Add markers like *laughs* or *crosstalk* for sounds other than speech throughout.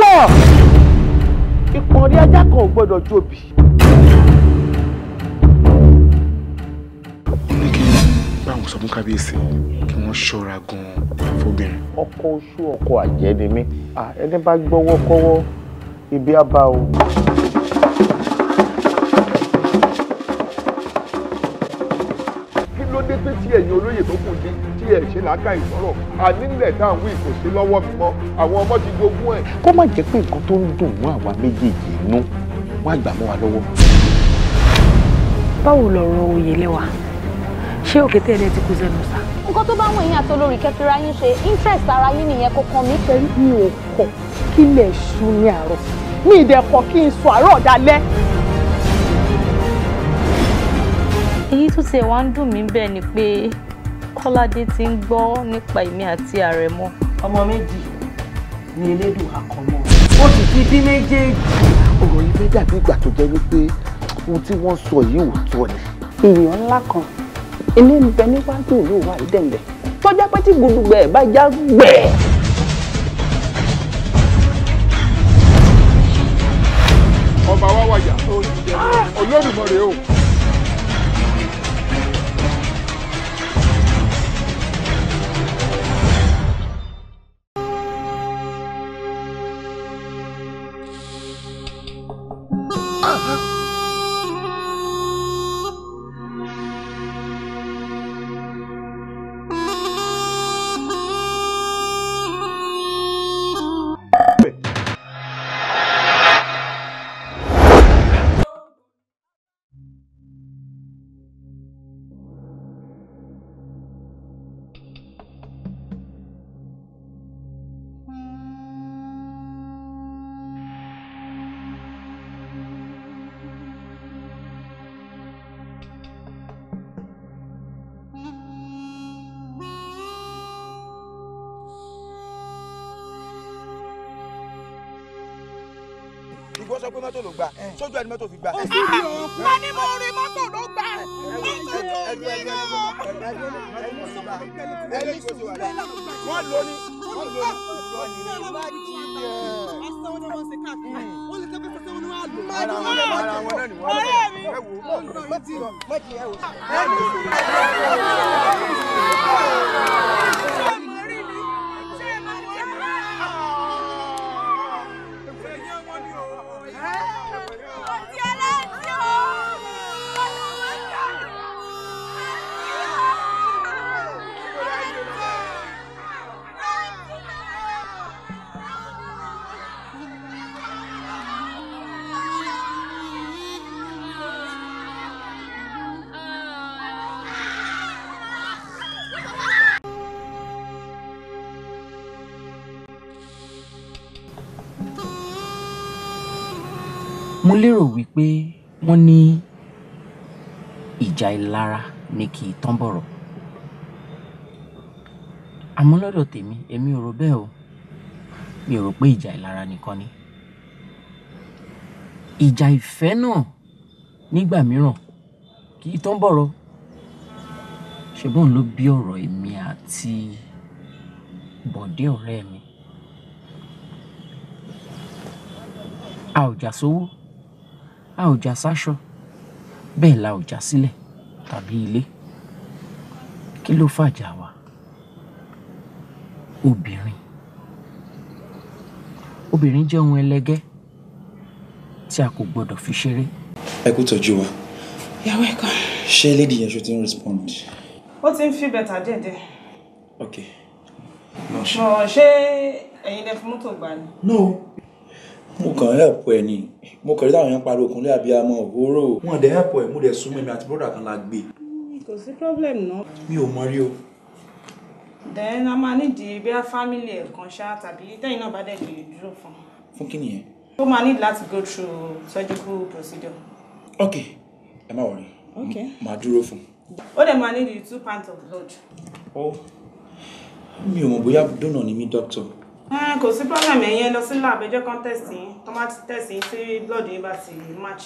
wọ̀ ìpọ̀nrí ajá kan ò gbọ́dọ̀ jòbì. ó ní kí báwọn sọ fún kábíyèsí kí wọ́n ṣọ́ra gan-an fóbìnrin. ọkọ oṣù ọkọ àjẹ́ ni mí ẹni bá gbọ́wọ́ kọ́wọ́ ibi á bá o. kí ló dé pé tí ẹ̀yin olóyè tó kù dé bí ẹ ṣe làákà ìsọ̀rọ̀ ànílẹ̀ tá à ń wí kò sí lọ́wọ́ mi mọ́ àwọn ọmọ ti jogún ẹ̀. kó má jẹ́ pé nǹkan tó ń dùn mọ́ àwa méjèèjì inú wọ́n á gbà mọ́ wa lọ́wọ́. báwo lọ̀rọ̀ oyè lẹ́wà ṣé òkè tẹ́lẹ̀ ti kú sẹ́nu sá. nǹkan tó bá wọn èèyàn àti olórí kẹfìrà yín ṣe interest ara yín nìyẹn kò kàn mí. pẹ̀lú mi ò kọ̀ kí lè ṣú ní àárọ̀ mi ìdẹ̀kọ̀ kí n sọ àárọ̀ dalẹ́. èyí tó ṣe wá ń dùn mí bẹ́ẹ̀ ni pé Kọ́ládé ti ń gbọ́ nípa èmi àti àrẹ̀mọ. ọmọ méjì ni elédùn àkànmọ́ ó sì ti bí méjèèjì. ọ̀rọ̀ yìí fẹ́ dàbí ìgbà tó jẹ́ wípé ohun tí wọ́n sọ yìí ò tọ́ ni. èèyàn ńlá kan ilé ń bẹ níwájú ìlú wa ìdẹ̀ǹdẹ̀ tó pé tí gbùdùgbẹ̀ bá já gbẹ̀. ọba wa wàjà olùdíje olódùmọ̀rẹ́ o. mọ́tò gbà sójú ẹni mọ́tò fi gbà. wọ́n ní mo rí mọ́tò ló gbà mọ́tò tó rí rẹ̀ o. ẹni tó ti wà lẹ́yìn wọ́n lò ní wọ́n lò ní wọ́n ní má jí ẹ̀. ọ̀sán wọn ni wọ́n ṣe káàkiri wọ́n lè tẹ́kọ̀ sọ́sẹ́ wọn ni wọ́n á lò. ara wọn náà ara wọn náà ni wọ́n lò ẹ wò ó mọ̀jì ẹ wò. lérò wípé wọ́n ní ìjà ìlara ni kì í tán bọ̀rọ̀. Àmọ́ lọ́dọ̀ tèmi, èmi ò rò bẹ́ẹ̀ o. Mi ò rò pé ìjà ìlara nìkan ni. Ìjà ìfẹ́ náà nígbà mìíràn kì í tán bọ̀rọ̀. Ṣùgbọ́n òun ló bí ọ̀rọ̀ èmi àti Bọ̀dé ọ̀rẹ́ mi. A ò jà sówó a ò jà sáṣọ bẹ́ẹ̀ la ò jà sílẹ̀ tàbí ilé kí ló fàjà wa obìnrin obìnrin jẹ́ ohun ẹlẹgẹ́ tí a kò gbọ́dọ̀ fi ṣeré. ẹ kú tọ́jú wa. you're welcome. ṣé lady yẹn ṣe ti ń respond. ó ti ń fi bẹ̀tà díẹ̀díẹ̀. ok. no ṣe ẹ̀yin lẹ fi mọ́tò gbà ni. no mo kàn help ẹ ni mo kàn rí táwọn yẹn pariwo kúnlẹ̀ abiyamọ òróró wọn dẹ̀ help ẹ mo dẹ̀ súnmọ́ èmi àti broda kan la gbé. kò sí problem náà. mi ò mọ rí o. then a máa nídìí bí a family ẹ̀kan ṣá tàbí tẹ́yìn náà bá dẹ̀ lè dúró fún. fún kí nìyẹn. ó máa ní láti go through surgical procedure. ok ẹ má wọrí màá dúró fún. ó dẹ̀ máa nídìí two pints of blood. ó oh, mi ò mọ̀ bóyá dónà ni mí dókítà. Eh, kò sí problem ẹ̀yin lọ sí lab ẹjọ́ kan tẹ̀sí tó má tẹ̀sí tí blood yìí bá ti match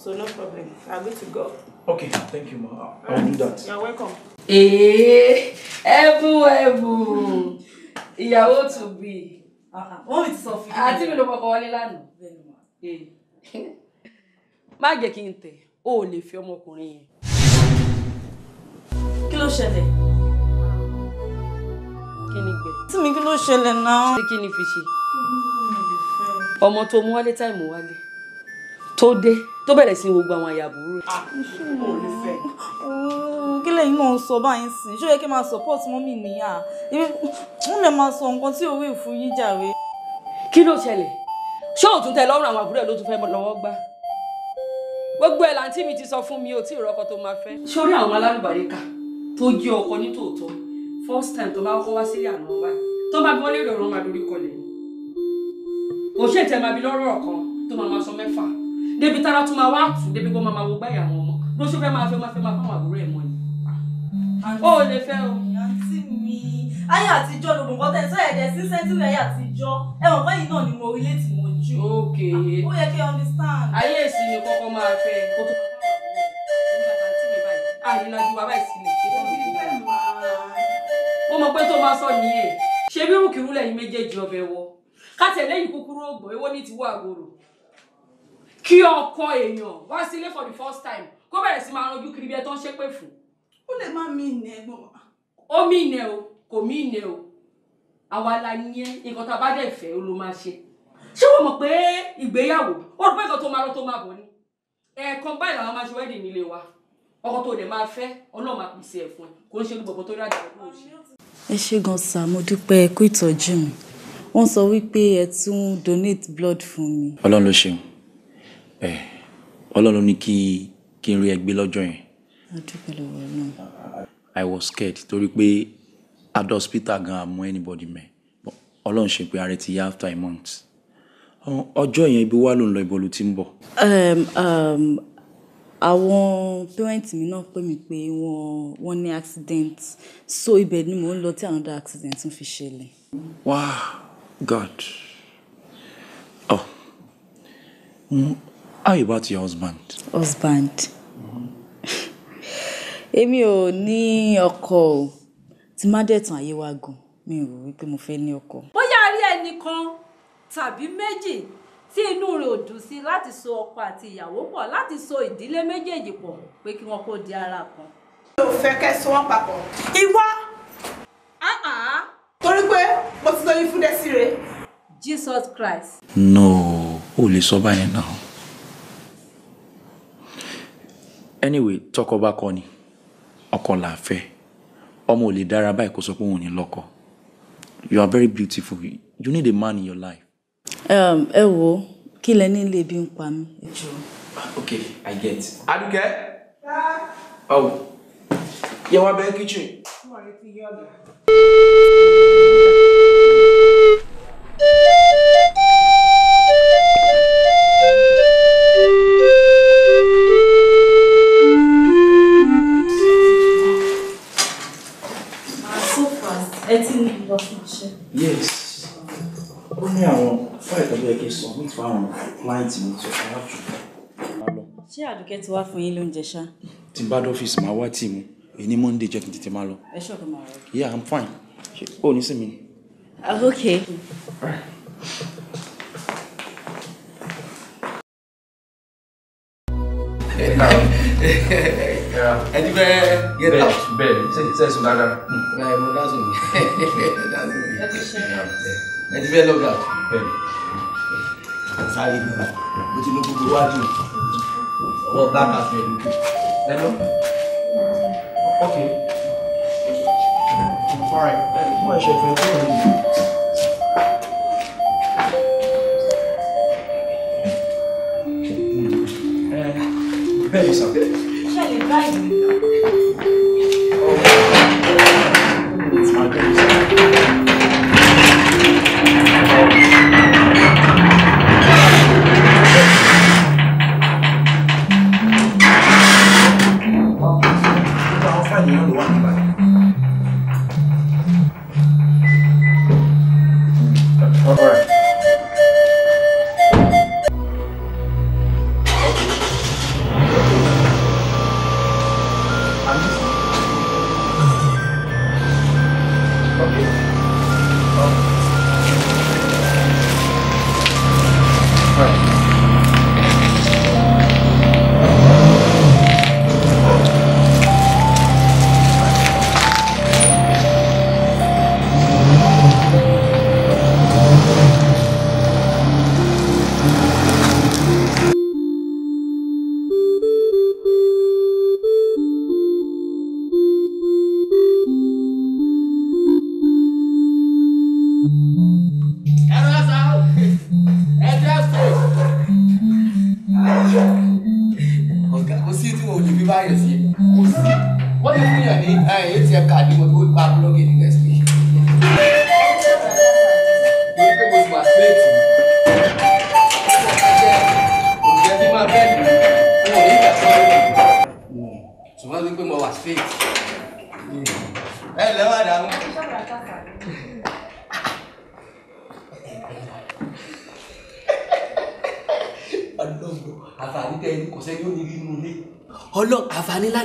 so no problem i agree to go. okay thank you ma i will do that. you are welcome. ee eh, ẹ̀bùn ẹ̀bùn ìyàwó to be wọ́n ti sọ fún mi. àti mi ló kọ́kọ́ wọlé lánàá. Eh. má jẹ́ kí n tẹ̀ o ò lè fi ọmọkùnrin yẹn. kí ló ṣẹlẹ̀? kí ni gbẹ. tí mi kí ló ṣẹlẹ̀ náà. ṣé kí ni fi ṣe. ọmọ tó mú wálé táìmù wálé tó dé tó bẹ̀rẹ̀ sí wo gbogbo àwọn àyàbúrú rẹ̀. kí lẹ́yìn náà ń sọ báyìí sìn ṣó yẹ kí n máa support mọ́mì nìyà mú mi máa sọ nǹkan tí òwe ìfún yín jàre. kí ló ṣẹlẹ̀ ṣé òtún tẹ lọ́rùn àwọn àbúrò ẹ̀ ló tún fẹ́ lọ́wọ́ gbá gbogbo ẹ̀ làǹtí mi ti sọ fún mi ò tí ì rọ́kọ tó máa fẹ́. sórí àwọn alálùbáríkà tó jẹ́ ọkọ nítòótọ́ first time tó bá kọ́ wá sílé àná wa tó bá gbọ́ lérò ọ̀rọ̀ máa lórí kọlẹ̀ kò ṣe ìtẹ̀ máa bi lọ́rọ̀ kan tó máa máa sọ mẹ́fà débi tára tún máa wá tù débi kó máa máa wo gbáyà àwọn ọmọ ló ṣe fẹ́ máa fẹ́ máa fẹ́ máa fáwọn àbúrò ẹ̀ mọ́ ni. ó lè fẹ́ o. àǹtí mi ayé àtijọ́ ló gbọ̀ngàn tẹ̀ sọ́yẹ̀ dẹ̀ sí sẹ́ńtúrì ayé àtijọ́ ẹ̀wọ̀n báyìí náà ni mo rí létí mo jù. ó yẹ kí ẹ understand. ayé ìsinmi kọ́kọ́ máa fẹ́ kó tó máa fẹ́ mọ̀ pé tó máa sọ nìyẹn ṣe bí rúkìrú lẹ́yìn méjèèjì ọbẹ̀ wọ ká tẹ̀lé yìí kúkúrú ògbọ̀n ewó ní tiwọ́ àgbòrò kí ọkọ èèyàn wá sílé for the first time kó bẹ̀rẹ̀ sí máa ranjú kiri bí ẹ tó ń ṣépè fún. ó lè má mí ìnẹ ẹ̀gbọ́n. ó mí ìnẹ o kò mí ìnẹ o àwa la yẹn nǹkan tá a bá dẹ̀ fẹ́ ó ló máa ṣe ṣé wọ́n mọ̀ pé ìgbéyàwó ó rò pé nǹkan tó máa lọ tó máa bọ̀ ni ẹ̀ẹ̀kan báyìí làwọn máa ṣe wẹ́ẹ̀dì nílé wa ọkọ tó dẹ̀ máa fẹ́ ọlọ́run máa pèsè ẹ̀ fún ẹ kò ń ṣe gbogbo tó rí àjà kúrò ṣe. gan sá mo dúpẹ́ kú ìtọ́jú mi wọ́n sọ wípé ẹ tún donate blood fún mi. ọlọ́run ló ṣeun ẹ ọlọ́run ló ní kí kí n rí ẹ gbé lọ́jọ́ yẹn. a dúpẹ́ náà. I was scared torí pé adult hospital gan amú anybody mẹ́ ọlọ́run ṣe pé ààrẹ ti yá after a month ọjọ́ yẹn ibi wà ló ń lọ ibo ló ti ń bọ̀. Um, um, àwọn parent mi náà pè mí pé wọ́n, wọ́n ní accident. So ibẹ̀ ni mò ń lọ tí another accident tún fi ṣẹlẹ̀. Wow, God. Oh. Mm. How about your husband? Husband. *laughs* Èmi ò ní ọkọ o. Tí má dẹ̀tàn ayé wa gùn, mi ò rò wípé mo fẹ́ ní ọkọ. Bóyá a rí ẹnì kan tàbí méjì tí inú rẹ̀ ò dùn sí láti so ọkọ àti ìyàwó pọ̀ láti so ìdílé méjèèjì pọ̀ pé kí wọn kó di ara kan. mi ò fẹ́ kẹ́ so wọ́n papọ̀. ìwọ. torí pé mo ti lóyún fún Desire. Jesus Christ. no o lè sọ báyẹn náà. anyway tọkọ bá kọ ni ọkọ là á fẹ́ ọmọ ò lè dára báyìí kó sọ pé òun ò ní lọ́kọ you are very beautiful you need a man in your life. Um, ẹ wo kí lẹ ní ilé bí ń pa mí. Ah, ok i get Adúkẹ́ báwo yẹ wá bẹ kitchen. Ah, yes yẹ kí n submit fáwọn client mi tó fún wa jù. ṣé àdùkẹ́ ti wá fún yín lóúnjẹ ṣá. tí n bá dọ́fíìsì máa wá tì mú èyí monday jẹ́ kí n tètè máa lọ. ẹ ṣọ́ọ̀kì máa rọ. yeah i'm fine ṣe ó ní sinmi. okay. ẹni bẹ get out bẹ́ẹ̀ ni ṣe sùn dáadáa. ẹ mo dá sùn mi *laughs* ẹ dá sùn mi lọ́gà bẹ́ẹ̀ sáré mi mo ti ní gbogbo iwájú ọwọ́ black as well lókè lẹ́nu ok alright mo ẹ̀ṣẹ̀ fẹ́ kúrò nínú. bẹ́ẹ̀ sọ. ṣe lè báyìí. ọ̀rọ̀ ìgbà tó ń sọ.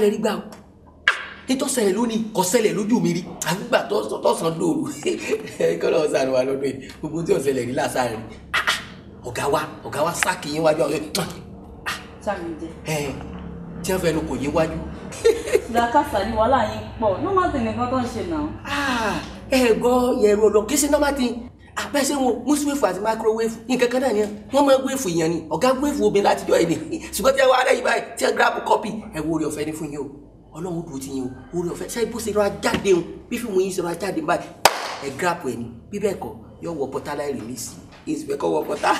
lè rí gbà o ètò ṣẹlẹ̀ lónìí kò ṣẹlẹ̀ lójú mi rí àgbà tọ̀sán dòru *laughs* kọ́lọ́ ọ̀sán wa lọ́dún yìí gbogbo tí ọ̀sẹ̀lẹ̀ rí làṣàrẹ̀ ah, ah, ọ̀gá wa ọ̀gá wa sáàkì yín wájú àwọn ẹ̀ tí wọ́n fẹnu kò yé wájú. làkàṣà *laughs* ni wàhálà yín pọ̀ normal thing nìkan tó ń ṣe náà. Ah, ẹ gbọ́ yẹ̀rù ọ̀dọ̀ kí sí normal thing àpẹẹsẹ wọn mùsùlùmí àti mákírówéèfù nǹkan kan náà ni wọn máa wéèfù èèyàn ni ọgá wéèfù obìnrin láti jọ èdè ṣùgbọ́n tí a wá aráyé báyìí tí a gíráàbù kọ́pì ẹ wo orí ọ̀fẹ́ ní fún yín o ọlọ́run dùn ti yín o orí ọ̀fẹ́ ṣe bó ṣe rọra jáde o bí fíìmù yín ṣe rọra jáde báyìí ẹ gíráàbù ẹ ní bí bẹ́ẹ̀ kọ́ yọ wọ pọ́tà láì rìlíìsì ìsìnkọ́ wọ pọ́tà.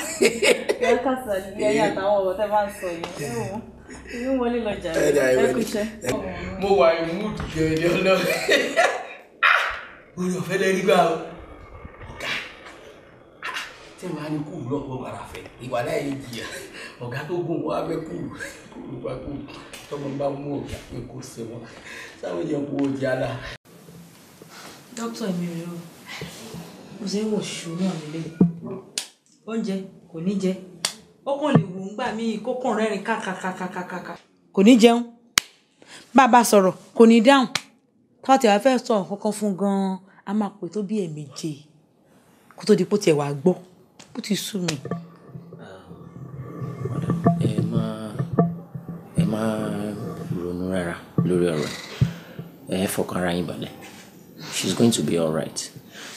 *laughs* mo wà ìmúdùgẹ̀ ọ̀dọ́ *laughs* ah! orí ọ̀fẹ́ lẹ́rí gbà o tí màá ní kúrú lọ́pọ̀ bàrà fẹ́ ìwà láyé jìyà ọ̀gá tó gùn wọ́n abẹ́ kúrú kúrú bá kúrú tọ́mọ bá mú ọ̀gá pé kó ṣe wọn sáwọn èèyàn kò wọ́n jẹ́ àlà. dókítà mi rè o mo ṣe ń wò ṣù náà nílé oúnjẹ kò ní jẹ ó kàn lè wò ó gbà mí kókàn rẹ́rìn kákàkàkàkàkà kò ní jẹun bàbá sọ̀rọ̀ kò ní dáhùn tọ́tẹ̀ wá fẹ́ sọ nǹkan fún gan-an a máa pè tó bí ẹ̀ẹ̀mejì kó tó di pò tiẹ̀ wá gbọ́. ó ti sú me. Emma, Emma, ẹ máa ronú rárá lórí ọ̀rọ̀ ẹ ẹ fọkàn ara she's going to be alright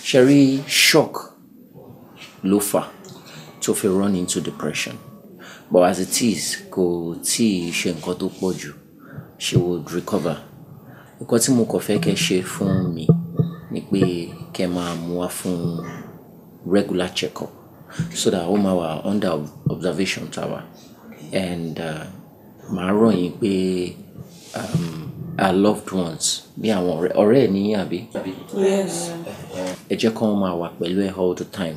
ṣe rí shock ló fà tó fi run into depression but as it go kò she and ṣe nǹkan tó pọ̀ jù she would recover nǹkan tí mo kàn fẹ́ kẹ́ ṣe fún mi ni pé kẹ́ regular checkup. so that ó máa under observation tower, and uh, màá rọ̀ yín pé um, our loved ones bí àwọn ọ̀rẹ́ ẹ̀ níyìn àbí. yes. ẹ jẹ́ kí wọ́n máa wà pẹ̀lú ẹ all the time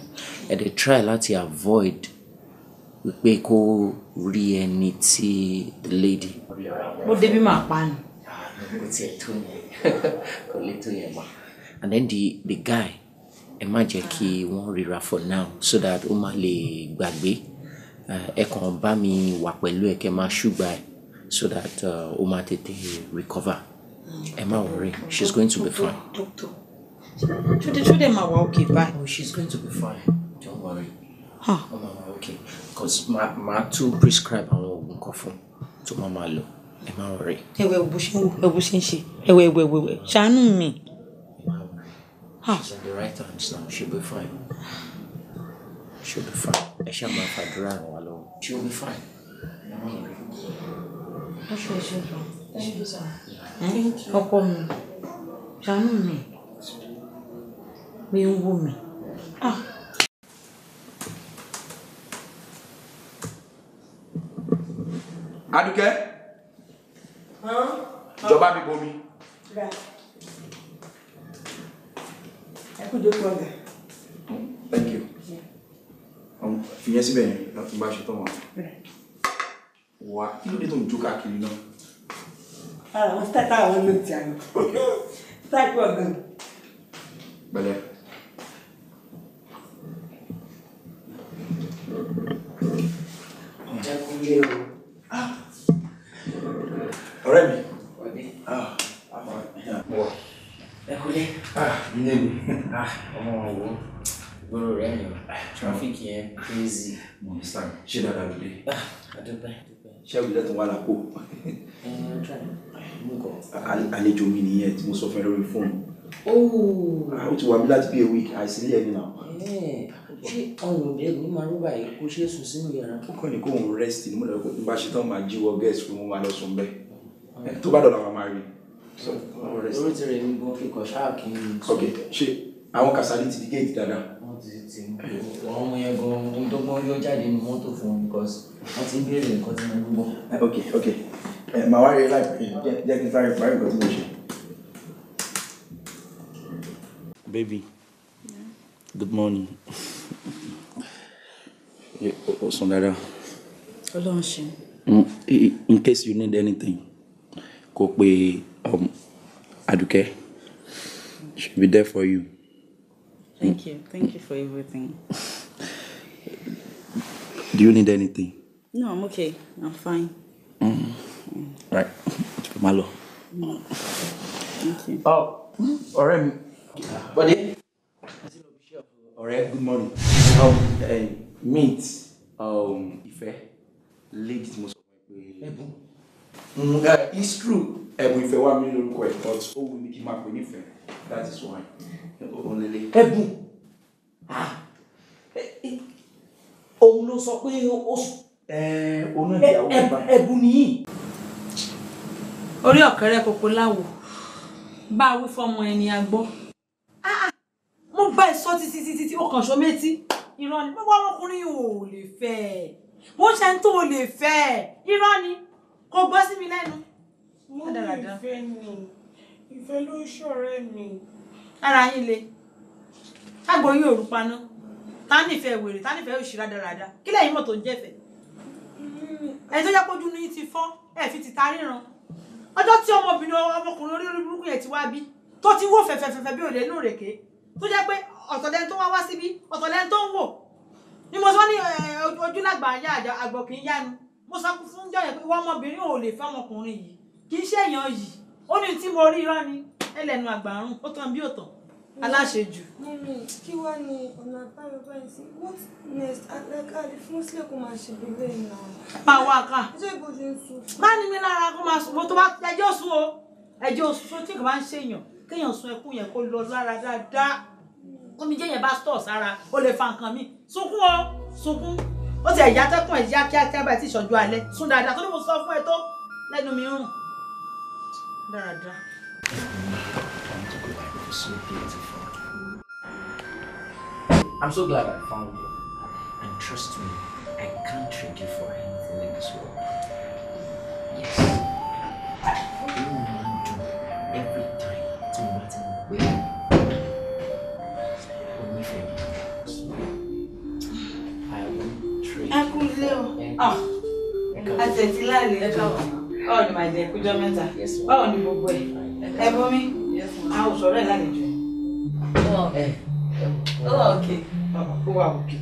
ẹ dey try láti avoid wípé kó rí ẹni tí the lady. mo débi máa pa ni. Ah, kò tiẹ̀ tó yẹn *laughs* kò lè tó yẹn mọ́. and then the the guy ẹ má jẹ́ kí wọ́n ríra for now so that ó má lè gbàgbé ẹ kàn bá mi wà pẹ̀lú ẹ kẹ́ máa ṣùgbà ẹ so that uh, ó máa tètè recover ẹ má worry she's going to be fine. doctor ṣúdẹ ṣúdẹ máa wà okay bye. oh she's going to be fine don't worry. Huh. Oh, mama, okay because ma ma tún prescribe àwọn oògùn kan fún tó máa máa lò ẹ má worry. ẹwẹ ẹwẹ bó ṣe ń ṣe ẹwẹ ẹwẹ ẹwẹ ṣàánú mi. She's at the right hands now. She'll be fine. She'll be fine. Ẹ ṣe máa fàdúrà She'll be fine. She'll be fine. Ọkọ ṣe ọkọ mi ṣàánú mi mi ń wú mi. Ah. Adúkẹ́. Jọba mi bomi. Right ẹ kú jókòó ọ̀gá. thank you fìyẹn síbẹ̀ bem. láti bá ṣe tán wà. wà kí ló dé tó ń jó káàkiri náà. ara wọn tẹ́tà àwọn ló ti àná táàkì ọ̀gá. pẹ̀lẹ́. Ah. ọ̀rẹ́ mi. ẹ kúlẹ̀. Ah, ilé *laughs* Ah, ọmọ wọn wò ó gbòòrò rẹ yàn ah, Traffic yẹn crazy. mo ní sàn ṣé dáadáa ló dé. àdúgbò ah, ṣé àwọn ìlẹ́tọ̀ wà lápò. àlejò mi nìyẹn tí mo sọ fẹ́ lórí fóònù. Oh! ó ti wà mí láti bí ewì àìsílẹ̀ mi náà eh, ṣé ọrùn ẹ̀gbọ́n máa rú báyìí kó ṣe é sùn sínú yàrá. ó kàn ní kó òun rẹ́sítì ní mo lọ pé bá ṣe tán máa jíwọ́ gẹ́ẹ̀sì fún mo máa lọ sùn bẹ́ẹ̀ mm. eh, tó bá dọ̀la wa máa rí i oríṣiríṣi mi gbọ́ kíkọ ṣáà kí n. ok ṣe àwọn Kasali ti di géètì dáadáa. wọ́n ti ti wọ́n mú yẹn gan ohun tó yóò jáde ní mọ́tò fún un because wọ́n ti ń béèrè nǹkan tí mo gbọ́. ok ok màá wá rí láìpẹ́ jẹ́ kí n sáré parí nǹkan tí mo ṣe. baby yeah. good morning. o sùn dáadáa. ọlọ́run ṣe. Mm, in case you need anything kó pe um, Aduke. She'll be there for you. Thank you. Thank you for everything. Do you need anything? No, I'm okay. I'm fine. Mm. Mm. Right. Malo. Mm. Thank you. Oh, ọ̀rẹ́ mi. Bọ́dé. Ọ̀rẹ́, good morning. Um, uh, meet um, Ife. Ladies, most of my people. Mm, uh, it's true ẹ̀bùn ìfẹ́ wà mí lórúkọ ẹ̀ but ó wù mí kí n máa pè nífẹ̀ẹ́ that is why onílé ẹ̀bùn ah. eh, eh, òun ló sọ pé ó eh, ẹ̀bùn nìyí. orí ọ̀kẹ́rẹ́ kòkó láwò bá a wí fọmọ ẹni a gbọ́ ah, ah. mo bá ẹ sọ títí títí tí ó kàn ṣọ méjì irọ́ ni gbogbo ọmọkùnrin ò lè fẹ́ ẹ̀ bó ṣe ń tó o lè fẹ́ ẹ̀ irọ́ kò gbọ́ sí mi lẹ́nu. mo ní ìfẹ́ ni ìfẹ́ ló ń ṣọ̀rẹ́ mi. ara yín le kágbó yín òru paná ta nífẹ̀ẹ́ wèrè ta nífẹ̀ẹ́ òṣì rádaràda kí lẹ́yìn mọ̀ tó ń jẹ́fẹ̀. Mm-hmm. ẹni tó yẹ kójú ní ti fọ́ ẹ̀ fi ti ta ríran ọjọ́ tí ọmọbìnrin ọmọkùnrin olórí burúkú yẹn ti wá bí tó ti wò fẹ̀fẹ̀fẹ̀fẹ̀ bí òde inú rèké tó jẹ́ pé ọ̀tọ̀lẹ́ni tó wá wá síbí ọ̀tọ̀lẹ́ni tó ń wò ni mo sọ ní ojúlágbà àgbọ̀ kì í yánu mo sakú fún jọyọ̀ pé ọmọbìnrin ò lè fẹ́ ọmọkùnrin yìí kì í ṣèyàn yìí o ní tí mo rí irọ́ ni ẹlẹ́nu àgbàrún ó tán bí ó tán aláṣejù. mímí kí wàá ní ọ̀nà àbáyọ báyìí sí what next alẹ́kàlẹ́ fún sílẹ̀ kó máa ṣe ìbílẹ̀ ìlànà. máa wá ká má ní mi lára kó máa sùn mo tó bá ẹjọ́ sùn o ẹjọ́ sùn tí kò bá ń ṣèyàn kéèyàn sun ẹkún yẹn kó lọ lára dáadáa omi jẹ́yẹn bá stọ̀ sára ó lè fa nǹkan mi sunkún o sunkún ó ti ẹ̀yà tẹ́kùn ẹ̀yà kíákíá báyìí tí ìṣọ́jú alẹ́ sún dáadáa tó ní mo sọ fún ẹ tó lẹ́nu mi rùn I'm so glad I found you. And trust me, I can't trade you for anything in this world. Yes. Every woman do everything. àtẹ̀tí láàrin ẹjọ́ báwo ni màdé kújọ mẹ́ta báwo ni gbogbo ẹ̀ ẹ bómi àwọn òṣòro ẹ̀ lálejò ẹ̀. ó wà òkè. ó wà òkè.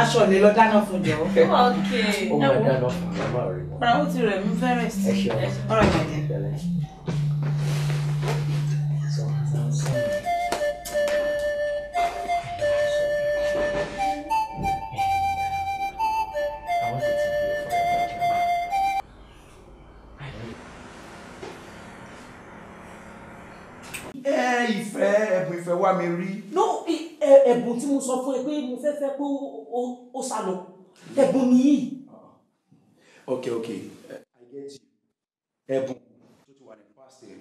aṣọ lè lọ dáná fún jọ. ó wà òkè. ó máa dáná fún bàbá rẹ. ọ̀rọ̀ ó ti rẹ̀ mí fẹ́rẹ̀ sí. ẹ ṣe ọ̀rọ̀ ìgbàdé. wá mi rí. no e, ẹ̀bùn tí mo sọ fún ẹ pé mo fẹ́ fẹ́ pé ó sá lọ ẹ̀bùn nìyí. okay okay i get you ẹ̀bùn tó ti wà ní past ẹ̀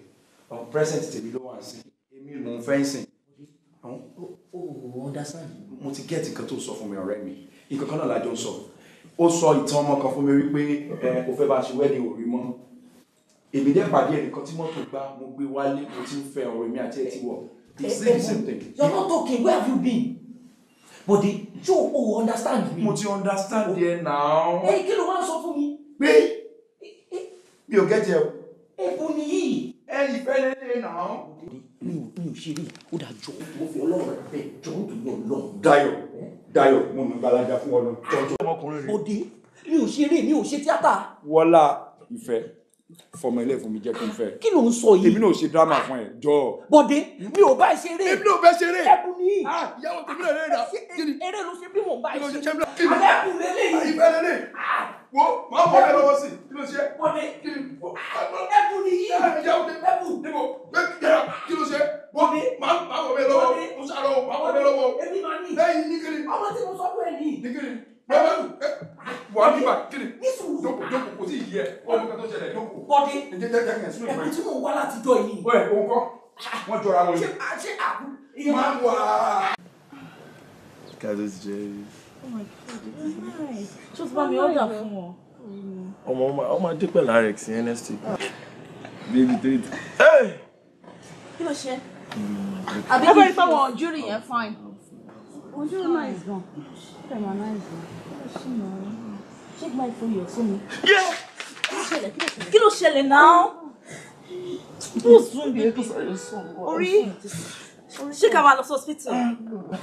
on present tèmi ló wà sí èmi mò ń fẹ́ǹsìn. o ò understand. mo ti gẹ́ẹ̀tì nǹkan tó sọ fún mi ọ̀rẹ́ mi nǹkan kan náà la jọ ń sọ ó sọ ìtàn ọmọ kan fún mi wípé ẹ kò fẹ́ bá a ṣe wẹ́ẹ̀dì òrí mọ́ èmi dẹ́ pàdé ẹnìkan tí mọ́tò gbá mo gbé wálé mo ti ń fẹ́ ọ̀rẹ́ mi àti ẹ̀ ti wọ̀ They say the eh, eh, same thing. You're not talking. Where have you been? But the Joe, oh, understand me. But you understand there now. Ẹ eh, kí ló máa ń sọ me? Me? Pé mi ò gẹ́jẹ̀ o. Èpo ni you Ẹ there now? Me, me, ò mi me. ṣe rí Joe dà jọ. Mo fi ọlọ́run bẹ̀ jọ ń dùn yóò lọ. Dayọ̀ Dayọ̀ mo mú gbalaja fún ọ lọ. Ọmọkùnrin rẹ̀. Bọ̀dé you ò ṣe eré mi ò ṣe tíátà. Wọlá ìfẹ́ fọmọ ilé fún mi jẹ́ kí n fẹ́. kí ló ń sọ yìí. èmi náà ṣe drama fún ẹ jọ. bọ̀dé mi ò bá ṣeré. èmi náà bẹ ṣeré. ẹkùn ni. Ah, ìyàwó tèmi náà rẹ̀ rà. eré ló ṣe bí mò ń bá ṣe. alẹ́kùn lélẹ̀ yìí. Ah, ìfẹ́ lélẹ̀. Ah. wo máa bọ̀ ẹ lọ́wọ́ sí kí ló ṣe. bọ̀dé ẹkùn ni yìí. ìyàwó tèmi ẹkùn. níbo bẹ́ẹ̀ kẹra kí ló ṣe. bọ̀dé máa bọ̀ ẹ lọ́wọ́ musa lọ́wọ́ máa bọ̀ ẹ lọ́wọ́. èmi máa ní. lẹ́yìn nígiri. ọmọ bẹ́ẹ̀ wàá bíbà kíni dọ́kù dọ́kù kò sí yìí ẹ ọmọ kan tó ṣẹlẹ̀ dọ́kù. bọ́dé ẹ̀kú tí mo wá látijọ́ yìí. wẹ́ẹ̀ o kọ́ wọ́n jọra wọn. ṣé ṣé kí ló ṣe. Mm, àbí kí n yẹn fine ojú rẹ̀ náà ìgbọ̀n rẹ̀ máa náà ìgbọ̀n ó sì mọ̀ ọ́ ṣé gba ìfòyè fún mi. kí ló ṣẹlẹ̀ náà? kí ló sùn bí orí ṣé ká máa lọ sí hospital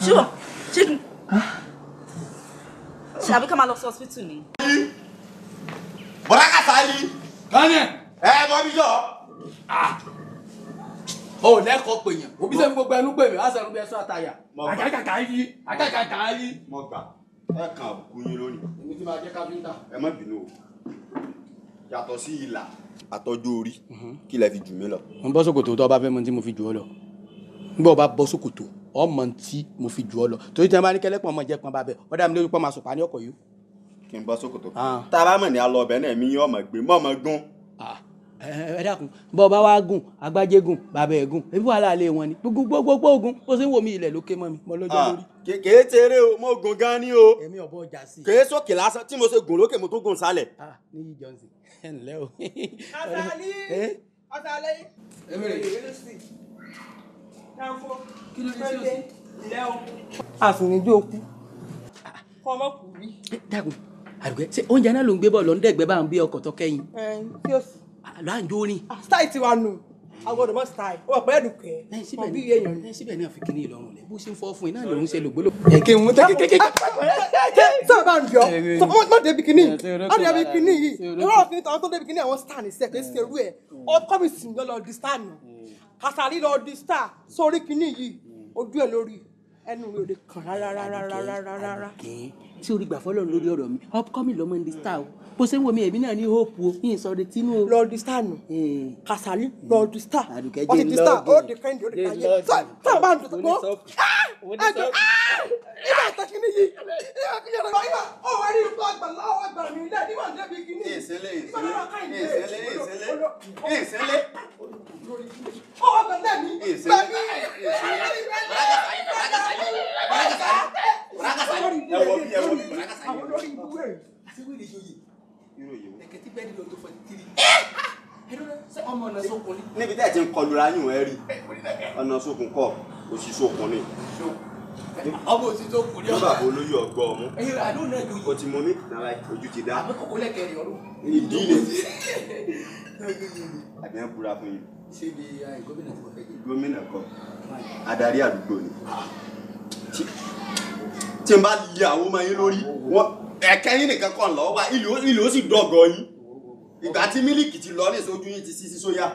ṣé wọ́n ṣé kí ṣàbí ká máa lọ sí hospital ni. bọ́lá kàtà yìí. kánẹ̀. ẹ bọ́ o lẹ́kọ̀ọ́ pèyàn òbí sẹ́ni gbogbo ẹnu pèmí á sẹ́nu bí ẹsùn àtàyà àkàkàkà yí àkàkàkà yí. mo gbà ẹ kàn àbùkù yín lónìí. èmi ti máa jẹ́ káfíńtà. ẹ má bínú o yàtọ̀ sí ìlà àtọ́jú orí mhm. kí lẹ fi jù mí lọ. mo bọ́ sókòtò tó o bá fẹ́ mọ tí mo fi jù ọ lọ nígbà o bá bọ́ sókòtò ọmọ tí mo fi jù ọ lọ torí tí wọn bá ní kẹlẹ́pọ̀ ọmọ jẹ́ pọn bàbẹ̀ ọ̀dà mi lórí pọ́n máa sọ̀pá ní ọkọ̀ yìí. kí n bọ́ sókòtò. Ah. tá a bá mọ̀ ní alọ́ ọbẹ̀ náà mi yín ọmọ gbé mọ́ ọmọ gún. Ah ẹ dákun bọ́ ọba wa gùn agbájégùn bàbá ẹ̀ gùn ebi wàhálà lé wọn ni gbogbo gbogbo ogun bó ṣe ń wò mí ilẹ̀ lókè mọ́ mi mọ́ lọ́jọ́ ah, lórí. kèé tèrè o mo gùn gan ni o èmi ọ̀bọ ọjà sí i kèé sókè lásán tí mo ṣe gùn lókè mo tó gùn sálẹ̀. Ah, níyì johnson ẹ ǹlẹ́ o. asali asali emere kanfo kí ló dé sí òsì. ǹlẹ́ o. àsìnrìnjó kú. kọ́mọ kù rí. Eh, dàgùn àdùgbẹ́ ṣé oúnjẹ náà ló ń gbé bọ̀ lọ́ndẹ̀gbẹ́ bá ń bí ọkọ̀ tọ́kẹ́yìn. ẹ tí ó sì àlọ́ àǹjọ́ orin. style ti wa nù agbọ́dọ̀ mọ style ó wà pẹ́ ẹ̀dùnkẹ́ mọ bí èèyàn. lẹ́yìn síbẹ̀ náà fi kíní ìlọrun rẹ̀ bó ṣe ń fọ́ fún yín náà lòún ṣe lògbólò. ẹ̀kẹ́ ń tẹ́ kékeré. sọ bá ń yọ mọ débi kíní ọ débi kíní yìí ìrọ̀rùn fi tọ́ tó débi kíní àwọn star ní sẹ́kẹ̀ ṣe rú ẹ̀ ọkọ mi sì ń lọ di star nù kàtàlí lọ di star sórí kíní yìí ojú ẹ̀ lórí ẹnu rẹ̀ kàn rárá rárá rárá rárá tí orí gbà fọlọ́run lórí ọ̀rọ̀ mi upcoming lọ́mọ ní star o bó ṣe ń wo mi èmi náà ní hope o yìí sọ de tinú o. lọ́ọ̀dì star nù Kasali lọ́ọ̀dì star ọ̀sẹ̀ ti star ó di kẹ́ndì ó di kàyé sọ bá ń dùn kó àjọ ibà tẹ́kí níyì ibà kí yàrá ibà ó wà ní ìlú àgbàlá ọwọ́ àgbà mi ilé ibà ń débi kí ní. èsèlè èsèlè èsèlè èsèlè ọwọ́ àgbàlá mi èsèlè èsèlè bàrà Kasali bàrà Kasali bàrà Kasali ẹ wọ bí ẹ wọ olórí ìbú àwọn olórí ìbú rẹ̀. sí wíìlì yìí ẹ̀kẹ́ tí bẹ́ẹ̀ ni lọ́dún fọ́ tiri ọmọ ọ̀nà sókun ni. níbi tẹ́ ẹ̀ ti ń kọlu ra yín ẹ rí ọ̀nà sókun kọ òsì sókun ni. ọmọ òsì sókun ni. nígbà wo ló yọ ọgbọ ọmú. ẹyọ àdúrà náà yóò yí. o ti mọ mi nara ojú ti dá. àmọ́ kókó lẹ́kẹ̀rẹ̀ ọ̀rọ̀. ìdí ni. *laughs* àbí ẹ búra fún yín. ṣé ibi ah, gómìnà tí mo fẹ́ jẹ. gómìnà kọ́ adarí àdúgbò ni. Ah tí n bá lé àwọn ọmọ yín lórí ẹ̀kẹ́ yín nìkan kàn lọ́wọ́ wa ìlú ó sì dọ̀gọ̀ yín ìgbà tí mílíkì ti lọ ní ìsojú yín ti sí sí sóyà.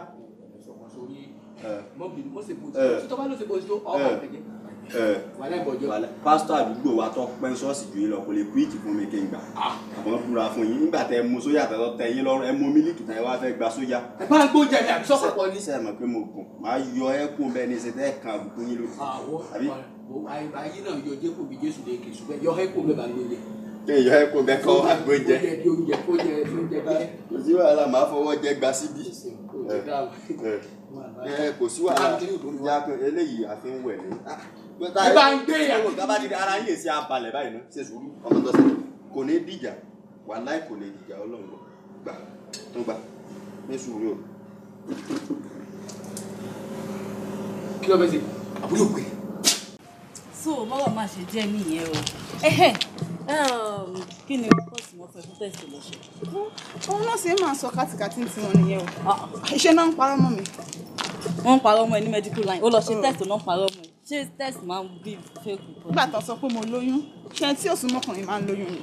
pásítọ̀ àdúgbò wa tó pẹ́ ṣọ́ọ̀ṣì ju yín lọ kò lè kú ìtì fún mi kí n gbà ah. àmọ́ búra fún yín nígbà tẹ mú sóyà tẹ́tọ́ tẹ yín lọ́rùn ẹ mú mílíkì tẹ wá fẹ́ gba sóyà. ẹ bá ń gbóúnjẹ ní àbísọ́pọ̀ ní. sẹ́ẹ̀ mọ̀ pé mo gùn máa yọ ẹ́ kún bẹ́ẹ̀ ní ṣe tẹ́ ẹ̀ kan àbùkù yín lójú. Ah, ayé náà yọ jẹ́ kó bí jésù lè ké ṣùgbọ́n yọ ẹ́ kó bẹ́ẹ̀ bá gbélé. ṣé ìyọ ẹ kó bẹ́ẹ̀ kọ́ agbóúnjẹ. oúnjẹ di oúnjẹ kó jẹ oúnjẹ bẹ́ẹ̀. kò sí wàhálà màá fọwọ́ jẹ gba síbí. kò sí wàhálà eléyìí àfi ń wẹ̀ ní. Ah, ẹ bá ń gbé yàrá. ká bá di ara yín èsì abalẹ̀ báyìí ná ṣe sùúrù ọmọ tó ṣe kò ní dìjà wàláì kò lè dìjà ọlọ́run gbà tó gbà ní sùúrù o. kí ló fẹ́ ṣe àbúrò pé so bọ́lọ̀ má ṣe jẹ́ nìyẹn o um, kí ni kọ́ọ̀sì wọn fẹ́ fún tẹ̀sí lọ́sẹ̀. òun náà sì máa sọ kátìkátì tí wọn nìyẹn o ah. iṣẹ́ náà ń parọ́ mọ́ mi. wọ́n ń parọ́ mọ́ ẹ ní medical line ó lọ ṣe oh. test náà parọ́ mọ́ ẹ ṣé test máa ń bí fake. nígbà tó sọ pé mo lóyún ṣe tí òsùn mọ́kànlélá máa ń lóyún ni.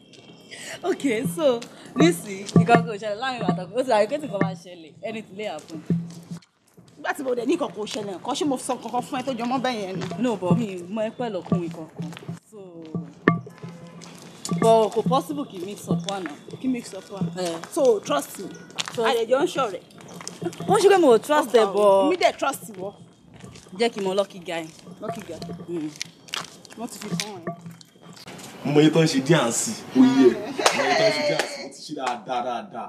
*laughs* ok so nísìnyí ìkọ̀kọ̀ ìṣẹ̀lẹ̀ láàrin àtọ̀kùn ó ti àyíké tí kò máa ṣẹlẹ̀ anything lè happen nígbà tí mo dẹ̀ ní kankan ṣẹlẹ̀ nǹkan ṣé mo sọ kankan fún ẹ tó jọmọ́ bẹ́ẹ̀ yẹn ni. no but mi mọ ẹ pẹ̀lú ọkùnrin kankan so but kò possible kí mix up wa na. kí mix up wa. Eh. so trust me àlejò ń ṣọ̀rẹ́. wọ́n *laughs* ṣe pé mo trust ẹ bọ̀. mi dẹ̀ trust wọ. jẹ́ kí n mọ lucky guy. lucky guy. Hmm. wọ́n ti fi kàn án. mo yẹ tán ṣe díàǹsì oyè mo yẹ tán ṣe díàǹsì mo ti ṣe dáadáa dáadáa.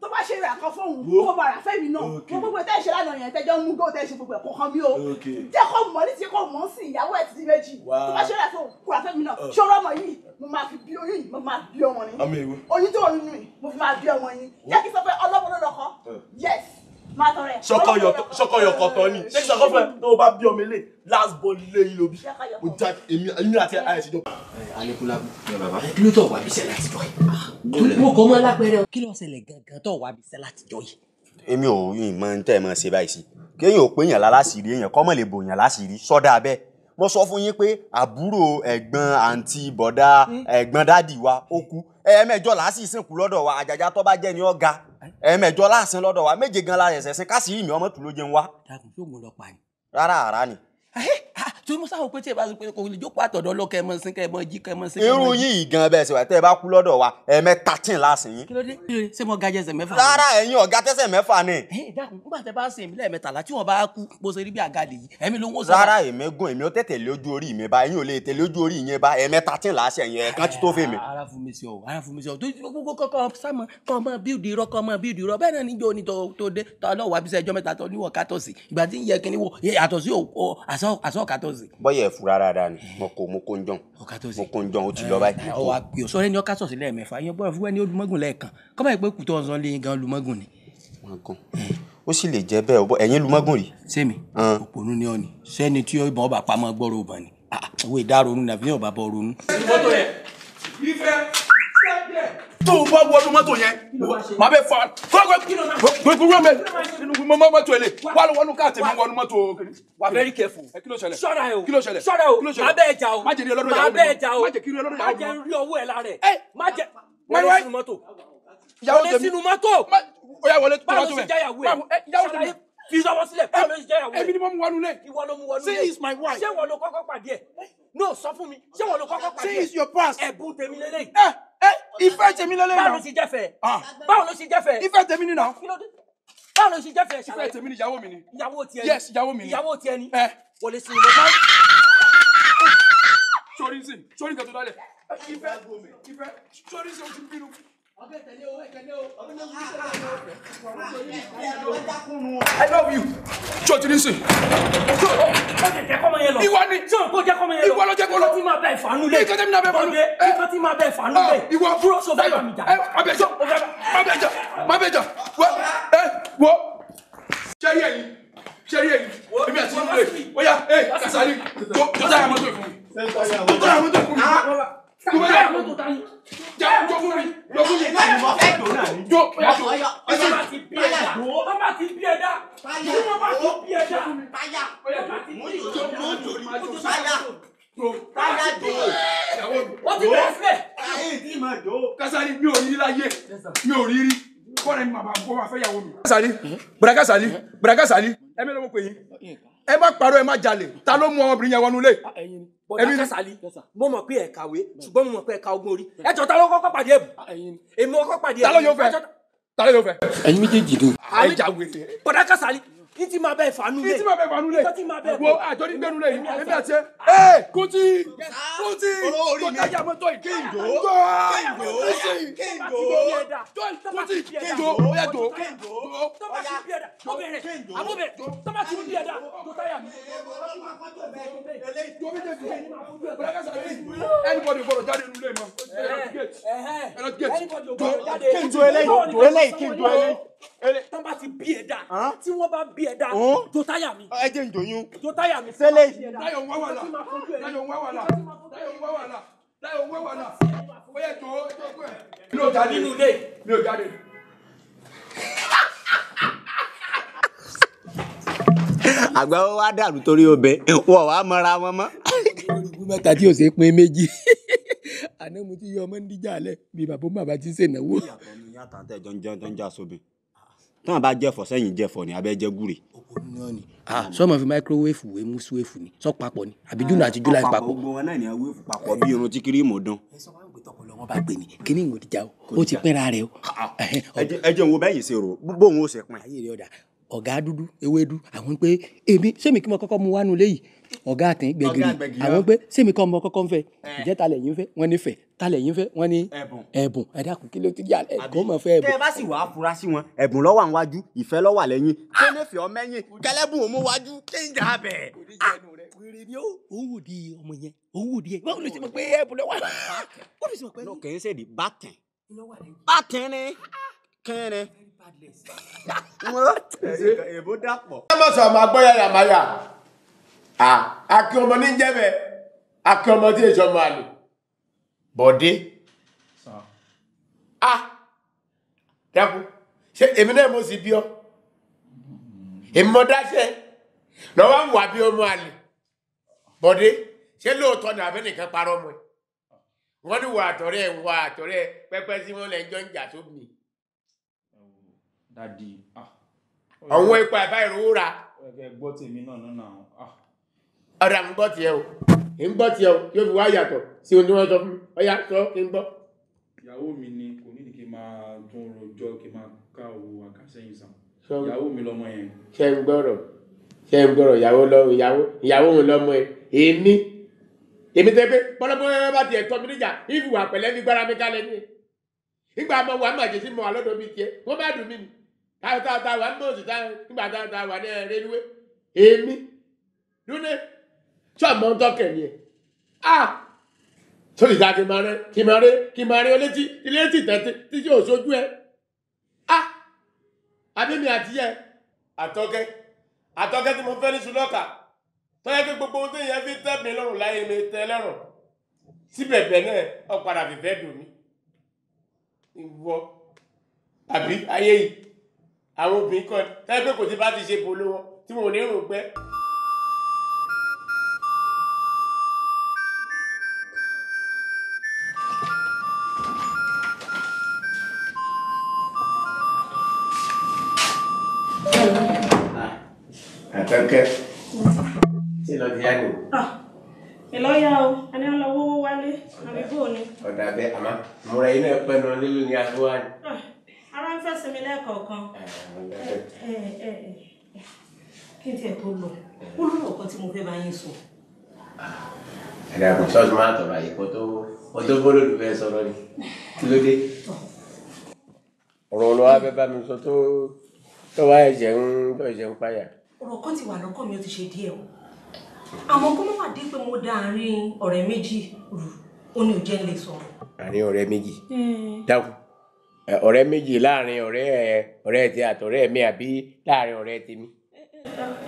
tó bá ṣe rà kan fóun kó bá rà fẹ́mi náà mo gbogbo tẹ́ ṣe lánàá yẹn tẹ́jọ́ mú góò tẹ́ ṣe gbogbo ẹ̀kọ́ kan bí o jẹ́ kó mọ̀ ní ti kó mọ̀ sí ìyàwó ẹ̀ ti méjì tó bá ṣe rà fóun kó rà fẹ́mi náà ṣọ́rọ́ ọmọ yìí mo máa fi bí oyún yìí mo máa bí ọmọ yìí oyún tó wọ nínú yìí mo fi máa bí ọmọ yìí jẹ́ kí sọ sọkọyọkọ tọ ni ṣé sọkọ fún ẹ tó o bá bí ọmọ ilé last ball ilé yìí ló bí mo já èmi àti ayé ti jọ. alekulabu kí ló tọ̀ wá bíṣẹ́ láti jọ yìí ah, mo kọ́ mọ́ lápẹẹrẹ kí ló ṣẹlẹ̀ gangan tọ̀ wá bíṣẹ́ láti jọ yìí. èmi ò yìn mọ ń tẹ́ ẹ mọ ṣe báyìí sí kéèyàn ò pé yàn lálásìírí èèyàn kọ́ mọ̀ lè bò yàn lásìírí sọ́dà bẹ́ẹ̀ mo sọ fún yín pé àbúrò ẹ̀gbọ́n àǹtí bọ̀dá hmm. ẹ̀gbọ́n dádì wa ó kú ẹ̀ẹ́mẹ́jọ́ làásì sìnkú lọ́dọ̀ wa àjàjà tó bá jẹ́ ni ọ̀gá ẹ̀ẹ̀mẹ̀jọ láàsìn lọ́dọ̀ wa méje gan la ẹ̀sẹ̀ sí káàsì yìí mi ọmọ tù ló jẹun wa. dàkún tó mú lọ pa ni. rárá àrá ni torí mo sáwọ pé tí ẹ bá sọ pé kò lè jókòó àtọ̀dọ̀ lọ kẹ́ ẹ mọ sí kẹ́ ẹ mọ jí kẹ́ ẹ mọ sí. irú yìí gan bẹ́ẹ̀ ṣe wà tẹ́ ẹ bá kú lọ́dọ̀ wa ẹ̀ẹ̀mẹ́ tatin láàsì yín. kílódé ṣé mo ga jẹsẹ̀ mẹ́fà. rárá ẹ̀yin ọ̀gá tẹ́sẹ̀ mẹ́fà ni. ẹ dákun nígbà tẹ bá sìn èmi lẹ́ẹ̀mẹ́tàlá tí wọ́n bá kú bó ṣe rí bí àgàlè yìí ẹ̀mí ló ń wò sára. rárá èmi gùn èmi ó tètè lójú orí mi bá ẹ̀yin ò lè tẹ̀lé ojú orí yẹn bá ẹ̀ẹ̀mẹ́ tatin láàsì yẹn ẹ̀ẹ̀kan ti tó fèmí. ara fún mi sí ọ ara fún mi sí ọ gbogbo kọkọ sámọ kọ ọmọ bíìdì irọ́ music. bọ́yẹ̀ fura rárá ni eh. mo kò mo kò ń o mo kò ń jọun o ti lọ eh, báyìí. ọwọ àpè òsọ rẹ ni ọkà sọsí lẹ́ẹ̀mẹ́fà yẹn gbọ́dọ̀ fún ẹni olùmọgùn lẹ́ẹ̀kan kọmọ ìpè kùtọ ọsàn lè gan olùmọgùn ni. o sì lè jẹ bẹ́ẹ̀ ẹ̀yin olùmọgùn rí. sẹ́mi òpònú ni ọ ni sẹ́ni tí ìbọn ọba pamọ́ gbọ́rọ̀ ọba ni ah, owó ìdá ronú nàbí ọba bọ̀ ronú. ìfẹ́ tó o bá wọnú mọ́tò yẹn màá bẹ fa fọwọ́ gbogbo rẹ mọ mọ mọ́tò yẹn lè wà lọ wọnú káàtì mi wọnú mọ́tò wà very careful ẹ kí ló ṣẹlẹ̀ ṣọ́ra ẹ o kí ló ṣẹlẹ̀ ṣọ́ra ẹ o má bẹ́ẹ̀ jà o má jẹ́ lọ́dọ̀ yàwó mi má bẹ́ẹ̀ jà o má jẹ́ kí lọ́dọ̀ yàwó mi má jẹ́ rí ọwọ́ ẹ̀ lára ẹ̀ má jẹ́ wọlé sínú mọ́tò wọlé sínú mọ́tò báwo ṣe jẹ́ yàwó ẹ̀ fi sọwọ́ sílẹ̀ báwo ló ṣe jẹ́ ìyàwó rẹ̀. èmi ni mo mú wọnú lẹ. ìwọ ló mú wọnú lẹ. she is my wife. ṣé ìwọ ló kọ́kọ́ pàdé ẹ̀. no sọ fún mi ṣé ìwọ ló kọ́kọ́ pàdé ẹ̀. she is your past. ẹ̀bùn tèmi lélẹ́yìí. Eh, ìfẹ́ tèmi lọ́lẹ́ náà. Ah. báwo ló ṣe jẹ́fẹ̀? báwo ló ṣe jẹ́fẹ̀? ìfẹ́ tèmi nínà. báwo ló ṣe jẹ́fẹ̀? ìfẹ́ tèmi ni ìyàwó mi ni. ìyàwó tiẹ̀ ni. yes ìyàwó mi ni. ìyàwó tiẹ̀ ni. Eh. wò lè sinmi lọ́gbọ́n. sori sin sori kẹtù dálẹ̀ ìfẹ́ ìfẹ́ sori sin o ti bínú I love you. Ṣé o ti ní sìn? Ìwọ ni. Ṣé o kò jẹ́ kọ́mọ yẹn lọ? Ìwọ ló jẹ́ kó lọ. Ìkọ́ tí máa bẹ ìfànú lé. Ìkọ́ tí máa bẹ ìfànú lé. Ìkọ́ tí máa bẹ ìfànú lé. Ìwọ fúrọ́ sọ báyọ̀ mi jà. Mabẹ́jọ Mabẹ́jọ Mabẹ́jọ wọ. Ṣé rí ẹ̀yin? Ṣé rí ẹ̀yin? Èmi àti ìlú rẹ̀. Ó yá Kàsálí tó tó sáyà mọ́tò ìfún mi. Tó sáyà mọ́tò ìfún mi dúró yà lọ jà jọ fún mi lọ fún mi. ẹ ní mo fẹ́ dùn náà ní. jọ ọyà jọ ọyà ọyà bá ti bí ẹ dá bá bá ti bí ẹ dá bá bá ti bí ẹ dá báyà mo yóò jọ mo jòrí báyà báyà jò ó ti bẹ̀rẹ̀ sílẹ̀. ayé tí ma jò. Kasali mi ò rí láyé mi ò rí rí kọ́ra ni màmá bọ́ wa fẹ́ yàwó mi. Kasali bùrà Kasali bùrà Kasali ẹ mélòó mo pè yín ẹ má parọ́ ẹ má jalè ta ló mú ọmọbìnrin yẹn wọnú lé. Ah, bọ́dà kásálí mo mọ̀ pé ẹ kàwé ṣùgbọ́n mo mọ̀ pé ẹ ka ogún orí ẹ jọ ta ló kọ́kọ́ pàdé ẹ̀bù ah, èmi mo kọ́kọ́ pàdé ẹ̀bù ta ló yóò fẹ́ ta ló yóò fẹ́. ẹ̀yin méjèèjì ni. àìjà wèrè. bọ́dà kásálí ìtì máa bẹ ìfànú lẹ ìtì máa bẹ ìfànú lẹ ìtì máa bẹ ìfànú lẹ wo àjọ nígbẹnu lẹ yìí ẹbí àti ẹ ẹ Kuti Kuti tó kájà mọ tó yìí kéńdó kéńdó kéńdó Kuti kéńdó ọyà tó kéńdó ọyà tọ́ba ti bí ẹ̀dá tó táyà mi. anybody gbọdọ̀ jáde nílé mọ́ ẹ̀rọ gate ẹ̀rọ gate kéńdó eléyìí kéńdó eléyìí kéńdó eléyìí tán bá ti bí ẹ dá tí wọ́n bá bí ẹ dá tó táyà mi. ẹ jẹ́ ìjòyún. tó táyà mi. sẹ́lẹ̀ yìí. Táyọ̀ ń wá wàhálà Táyọ̀ ń wá wàhálà Táyọ̀ ń wá wàhálà Táyọ̀ ń wá wàhálà ó yẹ tó tó kú ẹ̀. mi ò jáde nínú ilé mi ò jáde. àgbà wo wá dàrú torí ọbẹ̀ wọn wàá mọra wọn mọ́. olùkú mẹ́ta tí o ṣe pín méjì àná mo ti yọ ọmọ nídìjà alẹ́ bí bàbá bàbá ti ṣènáwó. ìyàtọ̀ ni yàtọ̀ àtẹ̀jọ́ ń ń jà sóbì táwọn bá jẹfọ sẹyìn jẹfọ ni abẹ jẹ gúre. Ah, sọmọ fi microwave wé musu wéfù ni sọ papọ̀ ni àbí june àti july ah, papọ̀. gbogbo wọn náà ni awéfù papọ̀ bí irun tí kirimu dán. ẹ sọ wọn pé tọpọlọ wọn bá gbé ni kíní ìwò ti já o ó ti pẹ́ra rẹ o. Ah, ẹ jẹ́ òun bẹ́yìn ṣe rò bóun ó ṣe pin. ọ̀gá dúdú ewédú àwọn pé èmi sẹ́mi kí mo kọ́kọ́ mu wánu léyìí ọ̀gá àtẹ̀yìn gbẹ̀gìrì àwọn ah. pé sèmi kan ọmọ kọ́kọ́ ń fẹ́ ìjẹ́ eh. ta lẹ̀yin fẹ́ wọ́n ní fẹ́ ta lẹ̀yin fẹ́ wọ́n ní ẹ̀bùn ẹ dákun kí ló ti yà ẹ̀kọ́ mọ̀ fẹ́ ẹ̀bùn. tẹ́ ẹ bá sì wàá fura sí wọn ẹ̀bùn ló wà níwájú ìfẹ́ ló wà lẹ́yìn ah! kẹ́lẹ́fẹ̀ ọmẹ́yìn kẹ́lẹ́bùn òun wájú kéńdà bẹ̀. òwúdi ah! ọmọ yẹn òwúdi ẹ báwo ló ti mọ̀ pé ẹ̀bùn ló wà lẹ́yìn kẹ́rin. *laughs* ẹ bó dàpọ̀. ẹ má sọ àmọ́ agbọ́yà yàmáyà. Ah, akí ọmọ ní jẹ́bẹ̀ akí ọmọ tí èso máa lò bọ̀dé a ah, dákú ṣe èmi náà mo sì bí ọ èmi mọ dáṣẹ lọ́wọ́ wà bí ọmọ àlè bọ̀dé ṣé lóòótọ́ ní abẹ́nìkan parọ́ mọ́ ẹ wọ́n ní wà àtọ̀rẹ́ wà àtọ̀rẹ́ pẹ́pẹ́ sí wọn lẹ́jọ́ ń ah. ipa ìbá ìrora. ẹgbẹ́ gbọ́ tèmi náà náà. ọ̀dà ń o ń gbọ́ o yóò fi wá yàtọ̀ sí ohun tí wọ́n sọ fún mi sọ kí mi ni kò ní kí n máa tún kí n máa ká owó àkàṣẹ́yìn sàn ìyàwó mi lọ́mọ yẹn. ṣé ń gbọ́rọ̀ ṣé ń gbọ́rọ̀ ìyàwó ìyàwó ìyàwó òun ẹ̀ èmi èmi tẹ́ pé bá tiẹ̀ tọ́ pẹ̀lẹ́ tí ọmọ ń tọ́kẹ̀ ni ẹ̀ á sórí ìta kì máa rẹ kì máa rẹ kì máa rẹ létí létí tẹ́tí títí ò sójú ẹ á ah! abẹ́mi àtiyẹ àtọ́kẹ́ àtọ́kẹ́ tí mo fẹ́ ní sulọ́kà tọ́jà pé gbogbo ohun tó yẹ fi tẹ́ mi lọ́rùn láyé mi tẹ́ lọ́rùn síbẹ̀ bẹ́ẹ̀ náà ọ̀padà fìfẹ́ dùn mí ìwọ àbí ayé yìí àwọn obìnrin kan tẹ́lẹ̀ pé kò ti bá ti ṣe polo wọn tí wọn ò ní rùn pẹ́. kí n tiẹ̀ tó lọ ó lóun ọ̀kan tí mo fẹ́ bá yín sọ. Ah, ẹ̀dá kò ṣọ́ọ̀ṣì máa tọ̀rọ̀ àyè kó tó kó tó bó lòlùfẹ́ sọ̀rọ̀ ni kí ló dé. ọ̀rọ̀ olówó abẹ́ bá mi sọ tó tó wá ẹ̀jẹ̀ ń tó ẹ̀jẹ̀ ń páyà. ọ̀rọ̀ kan ti wà lọ́kàn mi ó ti ṣe díẹ̀ o àmọ́ kó má wà dé pé mo dá àárín ọ̀rẹ́ méjì rù ó ní ò ń lè sọ̀rọ̀. àárín ọ̀rẹ́ méjì dákun ọ̀rẹ́ méjì láàrin ọ̀rẹ́ ọ̀rẹ́ ti àtọ̀rẹ́ mi àbí láàrin ọ̀rẹ́ tèmi.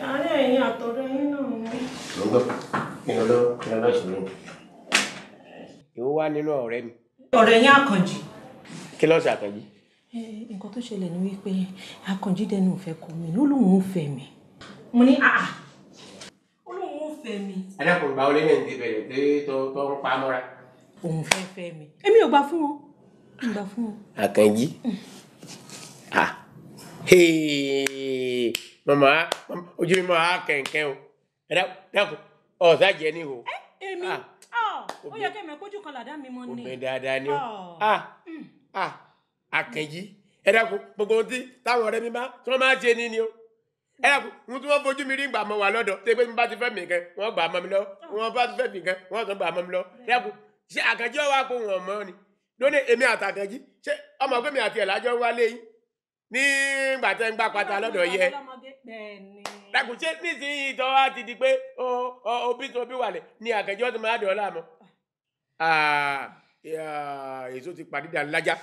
àárẹ̀ ẹ̀yin àtọ̀rẹ́ yín náà ni. mo gbọ́ kí ló lọ kí ló lọ sí mi. ìwọ wá nínú ọ̀rẹ́ mi. ọ̀rẹ́ yín àkànjì. kí ló ṣe àkànjì. nǹkan tó ṣẹlẹ̀ ni wípé àkànjì dẹnu ìfẹ́ kọ mi ló lóun ò fẹ́ mi. mo ní àà ó lóun ò fẹ́ mi. adákùnrin báwo lé ní ìdí bẹ̀rẹ̀ tó ń pa mọ́ra. òun fẹ́ fẹ́ mi èmi ò gbà fún wọn a Àkànjí ah mama ojú mi máa kẹ̀kẹ́ o dákun ọ̀sá jẹ ní o. èmi ó yẹ kẹ́mi kójú kan làdá mi mọ́ ni. obìnrin dáadáa ni ó hmm. Àkànjí ẹ dákun gbogbo ohun tí táwọn ọ̀rẹ́ mi bá tí wọ́n máa ṣe ní ni o ẹ dákun mo tún wọ́n fojú mi rí gbà mọ́ wà lọ́dọ̀ tó pé mi bá ti fẹ́ mi kan wọ́n gbà mọ́ mi lọ wọ́n bá ti fẹ́ mi kan wọ́n tún gbà mọ́ mi lọ ẹ dákun ṣé Àkànjí ọwọ́ àpò wọn mọ́ ni lóde èmi àtàkànjí ṣé ọmọ pé mi àti ẹ̀ lájọ wálé yín nígbà tẹ́ ń gbá pata lọ́dọ̀ yẹ dàkú ṣé nísìnyí ìtọ́ wa ti di pé òbí tó bí wàlẹ̀ ni àkànjọ́ ti máa dọ̀ ọ́ láàmú èso ti pàdé dà lájà.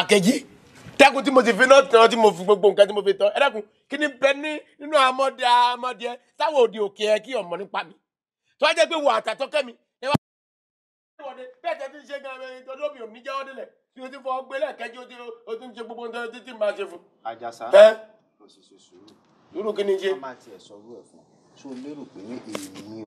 àkànjí dákun tí mo ti fi náà tán tí mo fi gbogbo nǹkan tí mo fi tán ẹ dákun kí ni bẹ ní nínú amọ̀dẹ amọ̀dẹ táwọn òde òkè ẹ kí ọmọ nípa mi tó wá jẹ́ pé wọ àtàtọ́ kẹ́mi wọ̀de bẹ́ẹ̀ tẹ́ ti ń ṣe gan ẹni tó lóbi òní jẹ́wọ́ délẹ̀ tí o ti fọ gbé lẹ́ẹ̀kẹ́jì o ti o ti ń ṣe gbogbo nǹkan títí máa ṣe fún. àjàsá kò sì ṣe sùúrù. sùúrù kí ni ṣe. má tiẹ̀ sọrú ẹ̀ fún ṣó lérò pé èmi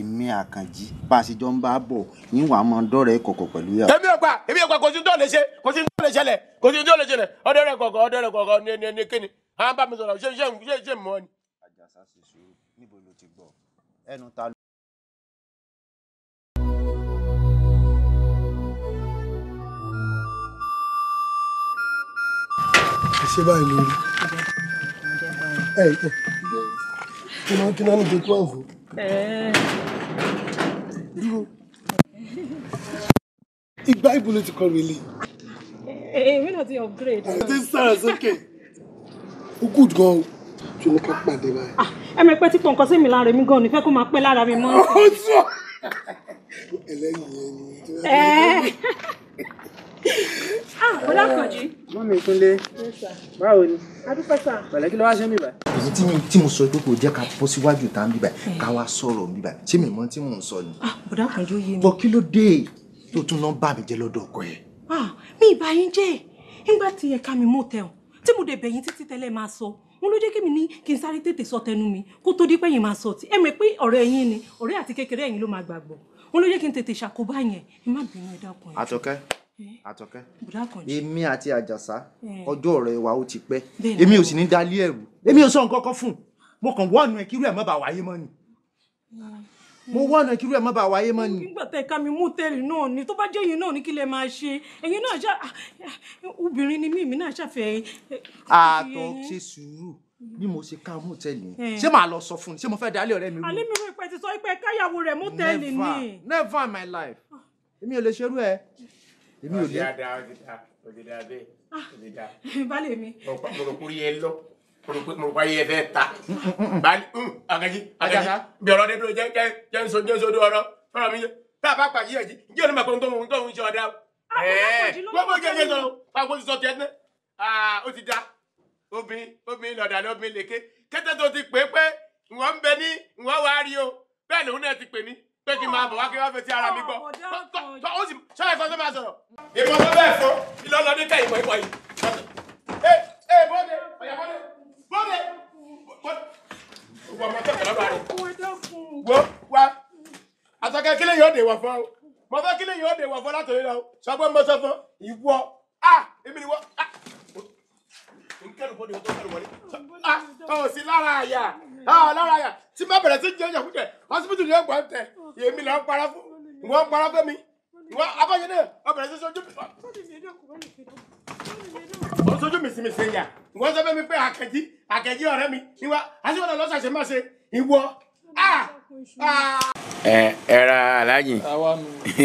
èmi àkànjí bá a ṣe jọ ń bá a bọ̀ ní wàá mọ dọ́rẹ̀ kọ̀kọ̀ pẹ̀lú yà. èmi ọ̀pá èmi ọ̀pá kò sí tó lè ṣe kò sí tó lè ṣẹlẹ̀ kò sí tó lè ṣẹlẹ̀ ọ̀dọ̀ rẹ̀ kọ̀kọ̀ ọ̀dọ̀ rẹ̀ kọ̀kọ̀ ní ẹni kíni à ń bá mi sọ̀rọ̀ ṣé ṣé ṣé mọ́ ni. àjàsá ṣe sùúrù níbo ló ti gbọ́ ẹnu ta ṣé báyìí lórí. ẹ ẹ kí náà kí náà ní jẹ twelve. dúró Ibo. ìbò ló ti kọ rèlè. èmi náà ti upgrade. ẹ ti sára sókè ó gùd gan o tí mo ká pàdé báyìí. Ah, ẹ mọ̀ pé tí pọ̀ nǹkan sí mi lára mi gan-an nífẹ̀ẹ́ kó máa pẹ́ lára mi mọ́. ẹlẹ́yìn yẹn ni. Ah, Ọlákànjí. Eh, Mọ́mí Kúnlé. Báwo ni? Adúpẹ́ sà. Pẹ̀lẹ́ kí ló wá ṣe mí báyìí? Èyí tí tí mo sọ pé kò jẹ́ ká bọ́ síwájú tá ń bí báyìí ká wá sọ̀rọ̀ bí báyìí ṣé mi mọ tí mò ń sọ ni? Ah, Bọ̀dá kan yóò yé mi. Bọ̀ kí ló dé tó tún lọ bà mí jẹ́ lọ́dọ̀ ọkọ yẹn? Ah, mi ìbá yín jẹ́ nígbà tí ẹ̀ka mi mú tẹ̀ tí mo dẹ̀ bẹ̀yìn títí tẹ́lẹ̀ máa sọ wọn ló jẹ́ kí mi ní kí n sáré tètè sọ tẹnu mi kó tó di pé yín máa sọ tí ẹ mọ̀ pé ọ̀rẹ́ yín ni ọ̀rẹ́ àti kékeré yín ló máa gbàgbọ́ wọn ló jẹ́ kí n tètè ṣàkóbá yẹn ẹ má bínú ẹ dákun. Àtọkẹ́ Eh? àtọkẹ́ èmi àti àjàsá eh. ọjọ́ ọ̀rẹ́ wa ó ti pẹ́ èmi ò sì ní dalí ẹ̀rù èmi ò sọ nǹkan kan fún mo kàn wọ́ọ̀nù ẹ̀ kírú ẹ̀ má bàa wáyé mọ́ ni eh. mo wọ́ọ̀nà kí irú ẹ̀ má bàa wáyé mọ́ ni. nígbà tẹ ká mi mú tẹ́lẹ̀ náà ni tó bá jẹ́ yín náà ni kí lè máa ṣe ẹ̀yin náà ṣá ah, ah, obìnrin ni mí mi náà ṣàfẹ́. àtọ ṣe sùúrù bí mo ṣe ká mú tẹ́lẹ̀ yẹn ṣé màá lọ sọ fún un ṣé mo fẹ́ dalẹ̀ ọ̀rẹ́ mi rú. alẹ́ mi rò ìpẹ́ ti sọ pé káyàwó rẹ̀ never never my life ah. èmi ò lè ṣerú èmi ò lé. ògèdè abẹ́ ògèdè abẹ́. balẹ̀ mi. mo rò kúrú yẹn lọ mọ̀rùkọ́ yẹ fẹ́ ta bali akaji akaji bí ọ̀rọ̀ dídùn jẹ́ jẹ́ jẹ́ nso jẹ́ nso dún ọ̀rọ̀ ọ̀rọ̀ mi tá a bá pàṣẹ yẹ̀ jí jí olùmọ̀ kó ń tó ń tó ń ṣe ọ̀dà o. gbogbo ah, jẹ́ jẹ́ sọ̀rọ̀ pàgbó sísọ tiẹ̀ ní ah, ó ti da obìnrin obìnrin lọ̀dà ni obìnrin lèké kẹ́tẹ́ tó ti pè é pé ìwọ̀n ń bẹ ní ìwọ̀n wá rí o bẹ́ẹ̀ lòun náà ti pè ní pé kí n máa bọ̀ wá kí n fẹ́ tí ara mi gbọ́ tọ́ ó sì ṣọ́yà kan tó máa sọ̀rọ̀. ìbọn tó bẹ́ẹ̀ fọ́ ìlọ lọ níkà ìbọn ìbọn yìí. ẹ ẹ bọ́dẹ ọ̀yà bọ́dẹ bọ́dẹ ọmọ tẹ̀kọ̀ lọ́dọ̀ rẹ̀. wo wa àtọ́kẹ́ kílẹ̀ yóò dé wọ̀ fún ọ mo fẹ́ kílẹ̀ yóò dé wọ̀ fún látòlé lọ sọ pé mo sọ fún ìwọ a èmi ni wọ́n a. nkẹ́rù bọ́dẹ tó kẹ́rù wọlé. a ò sí lára àyà ọlọ́run ah, àyà tí má bẹ̀rẹ̀ sí jẹ́ ìjàkújẹ hospital ni ọgbà ń tẹ èmi là ń para fún ìwọ ń para fún mi ìwọ abáyẹdẹ ọbẹ̀rẹ̀ sí sojú mi. o sojú mìsìmìsì yà ìwọ sọ fún mi pé àkẹ́jì àkẹ́jì ọ̀rẹ́ mi ìwọ àṣìwọ̀n lọ ṣàṣẹ má ṣe ìwọ. Ah, ah. ẹ ẹ ra aláàjì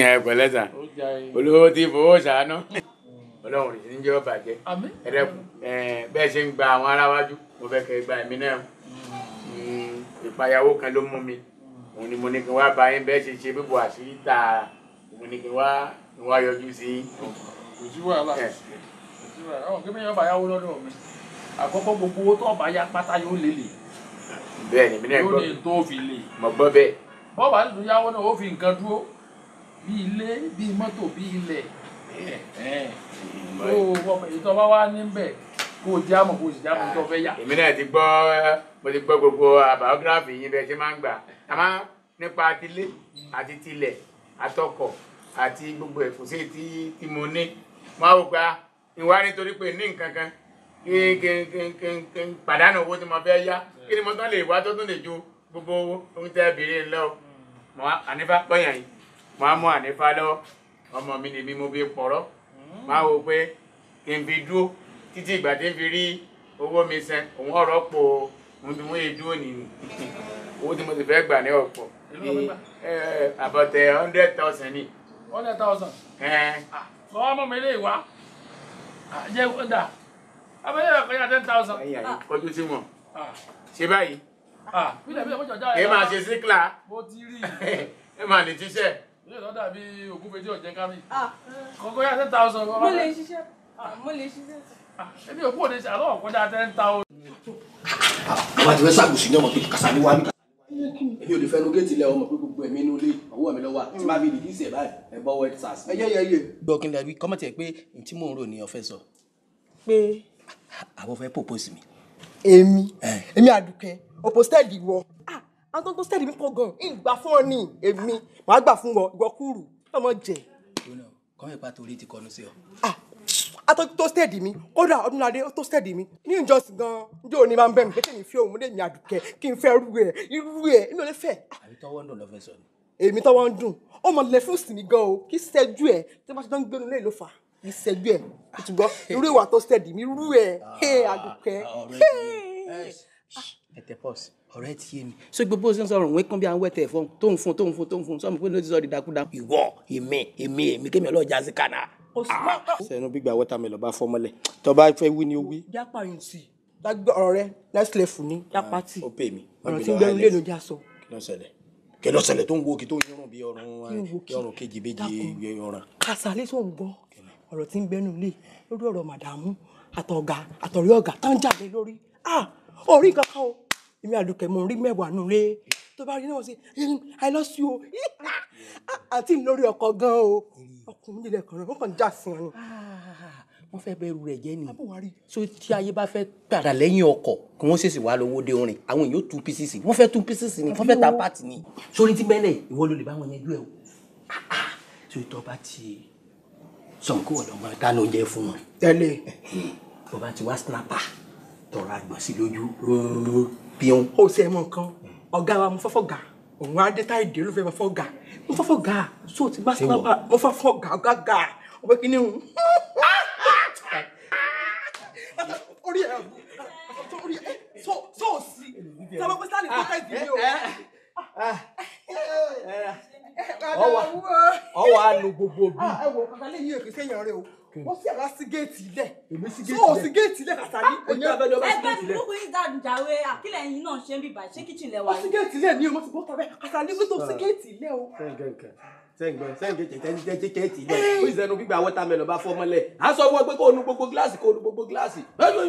ẹ pẹ̀lẹ́ sà e. olówó ti fowó ṣàánú mm. ọlọ́run ìṣẹ́ni jẹ́ ọ̀bàjẹ́ ẹ̀rẹ́kùn bẹ́ẹ̀ ṣe ń gba àwọn aráwájú mo fẹ́ kẹ́ gba ẹ̀mí náà ìpayàwó kan ló mú mi òun ni mo ní kí n wá bá yín bẹ́ẹ̀ ṣe ṣe bíbo àṣírí ta mo ní kí n wá kí n wá yọjú sí yín. kò sí wàhálà kò sí wàhálà ọ̀hún kí mi yàn bàyáwó lọ́dọ̀ mi àkọ́kọ́ gbogbo owó tó ọ̀bà yá pátá yóò lè lè. bẹ́ẹ̀ ni mi náà gbọ́ yóò lè tó fi lè. mo gbọ́ bẹ́ẹ̀. bọ́ọ̀bà tó yáwó náà ó fi nǹkan dúró bí ilé bí mọ́tò bí ilẹ̀. tó ìtọ́ kó o já mọ̀ kó o sì já mọ̀ tó o fẹ́ yà. èmi náà ti gbọ́ mo ti gbọ́ gbogbo uh, biography yín bẹ́ẹ̀ ṣe máa ń gbà àmọ́ nípa atilé àti tilẹ̀ àtọkọ̀ àti gbogbo ẹ̀fọ́sẹ́ tí tí mo ní mo á wò pé ìwà ah, nítorí pé ní nǹkan kan kí kí kí kí pàdánù owó tí mo fẹ́ yá hmm. kí ni mo tán lè wá tó tún lè ju gbogbo ohun tẹ́ bèrè lọ mọ ànífà pẹ́yàn yìí mọ á mú ànífà lọ́wọ́ ọmọ mi ni mi mo fi pọ̀rọ́ máa hmm. wò pé kí n fi dúró títí ìgbà tí ń fi rí owó mi sẹ́n òun ọ̀rọ̀ pò ohun tí mo yẹ dúró nìyí owó tí mo ti fẹ́ gbà ní ọ̀pọ̀ ní eh, eh, hundred thousand ni. hundred thousand. Eh. sọ wá mọ́ mi lé ìwá jẹ́ ọ̀dà abẹ́lẹ́ rẹ̀ kọjá ten thousand. kọjú sí wọn ṣe báyìí. bílẹ̀ bílẹ̀ mọ́jọ́ jáde. èyí máa ṣe síkìlà. mo ti rí i. *laughs* ẹ máa lè ṣiṣẹ́. ilé ìtọ́jà bíi ògúnfẹ́jì ọ̀jẹ̀ kámi. kọ̀ọ̀kan yá ten thousand. mo lè ṣiṣẹ́ mo lè ṣiṣẹ́ èmi ò kúrò ní sàlọ́ ọ̀kọ́jà ten thousand. bàbá ti fẹ́ ṣàkóso ní ọmọ tó kàṣà ní wàmí. èmi ò lè fẹnu géètì lẹ ọmọ pé gbogbo ẹ̀mí inú ilé ọwọ́ mi lọ́wọ́ àti má fi lè dísè báyìí ẹ̀ wẹ́ẹ̀ sars. ẹ yẹ yẹ yẹ. gbọ́ kí n dàbí kọ́mọ̀tì ẹ̀ pé ntí mò ń rò ní ọ̀fẹ́ sọ. pé àwọn fẹ́ propose mi. èmi èmi àdùkẹ́ opostẹ́ẹ̀lì wọ. Ah, àwọn tó ń postẹ́ẹ̀lì mi atọ́jú tó stẹ́ẹ̀dì mi kódà ọdúnladé tó stẹ́ẹ̀dì mi ní ìjọsìn gan njẹ́ òní máa ń bẹ̀ mí kékeré mi fi òun lè mi àdùkẹ́ kí n fẹ́ irú ẹ̀ irú ẹ̀ inú ò lè fẹ́. àbí tọwọ́ ń dùn lọ́fẹ́ sọ ni. èmi tọwọ́ ń dùn ó mọ lẹ fún sinmi gan o kí sẹ́jú ẹ̀ tí wọ́n bá ṣe tán gbénu lé ló fà kí sẹ́jú ẹ̀ ìtùgbọ́ irú ìwà tó stẹ́ẹ̀dì mi irú ẹ̀ ah, àdùkẹ́. Ah, ẹ̀tẹ̀ eh, pọ́s ọ̀rẹ́ ti yé mi so gbogbo ṣe ń sọ̀rọ̀ òun kán bí àwọn ẹ̀tẹ̀ fún tóun fún tóun fún tóun fún sọ́mi pé ló ti sọ dídákúdá. ìwọ èmi èmi èmi kémi ọlọ́ọ̀jà sí kànáà sẹnu bí gba watermelon bá fọ mọlẹ tó bá fẹ́ wí ni ó wí. jápa yùn sí i lágbó ọ̀rọ̀ rẹ next level ní jápa ah, tì í ọ̀rọ̀ tí ń gbẹrú lẹ́nu já sọ. kí ló ṣẹlẹ̀ kí tó ń wo kí tó ń yọrùn bí ọrùn kejì méjì ọràn. kàṣàlẹ́ tó ń gbọ́ ọ̀rọ̀ tí ń gbẹnu lé lórí ọ̀rọ̀ màdàmú àtọ̀gá àtọ̀rí ọ̀gá tó ń jáde lórí orí ah! kankan o èmi àlùkẹ́ mo rí mẹ́wàá nù lé tó bá rí náà sí ọkùnrin nílẹ̀ kan náà wọ́n kàn já sí wọn ni. Ah, wọ́n fẹ́ bẹ̀rù rẹ̀ jẹ́ ni so tí ayé bá fẹ́ padà lẹ́yìn ọkọ̀ kí wọ́n ṣèṣì wá lọ́wọ́ dé orin àwọn èèyàn tú pieces wọ́n fẹ́ tú pieces ni wọ́n fẹ́ ta part ni. sórí ti bẹ́lẹ̀ ìwọ ló lè bá wọn yanjú ẹ o ah, ah. so ìtọ́ bá ti sọ̀nkú ọ̀dọ́ máa dáná oúnjẹ fún wọn. tẹ́lẹ̀ tó bá ti wá snapper tọrọ àgbọ̀n sí lójú píọ́n. ó ṣe é mọ nǹkan ọ̀gá wa mo fọ́fọ́ gà òun á dé táyé dé ló fẹ́ fọ́fọ́ gà mo fẹ́ fọ́ ga so ti bá sinaba mo fẹ́ fọ́ ga ga ga ọbẹ̀ kìíní o. orí ẹ̀ orí ẹ̀ so so sí sábà pé stanley kọ́tà ìdí mi o. ọwọ́ àlò gbogbo bíi. Ah, ẹ wo kàkà lẹ́yìn èkìtì ẹ̀yàn rẹ o wọ́n sì àwa sí géètì ilẹ̀ so ò sí géètì ilẹ̀ kàtàlí òní abẹ́ lọ́ba sí géètì ilẹ̀. ẹgbẹ́ burúkú yìí dàrú jàre àkílẹ̀ yìí náà ṣe ń bìbà ṣé kíchìn lẹ̀ wáyé. ó sí géètì ilẹ̀ ni o mo ti bọ́ tàbẹ́ kàtàlí pé tó sí géètì ilẹ̀ o. sẹ́ǹgbẹ́ sẹ́ǹgbẹ́ jẹ́jẹ́ géètì ilẹ̀ ó sẹ́nu gbígbà wọ́tàmẹ́lọ̀ bá fọ́ mọ́lẹ̀ à sọ fún ọ pé kó o nu gbogbo gíláàsì kó o nu gbogbo gíláàsì bẹ́ẹ̀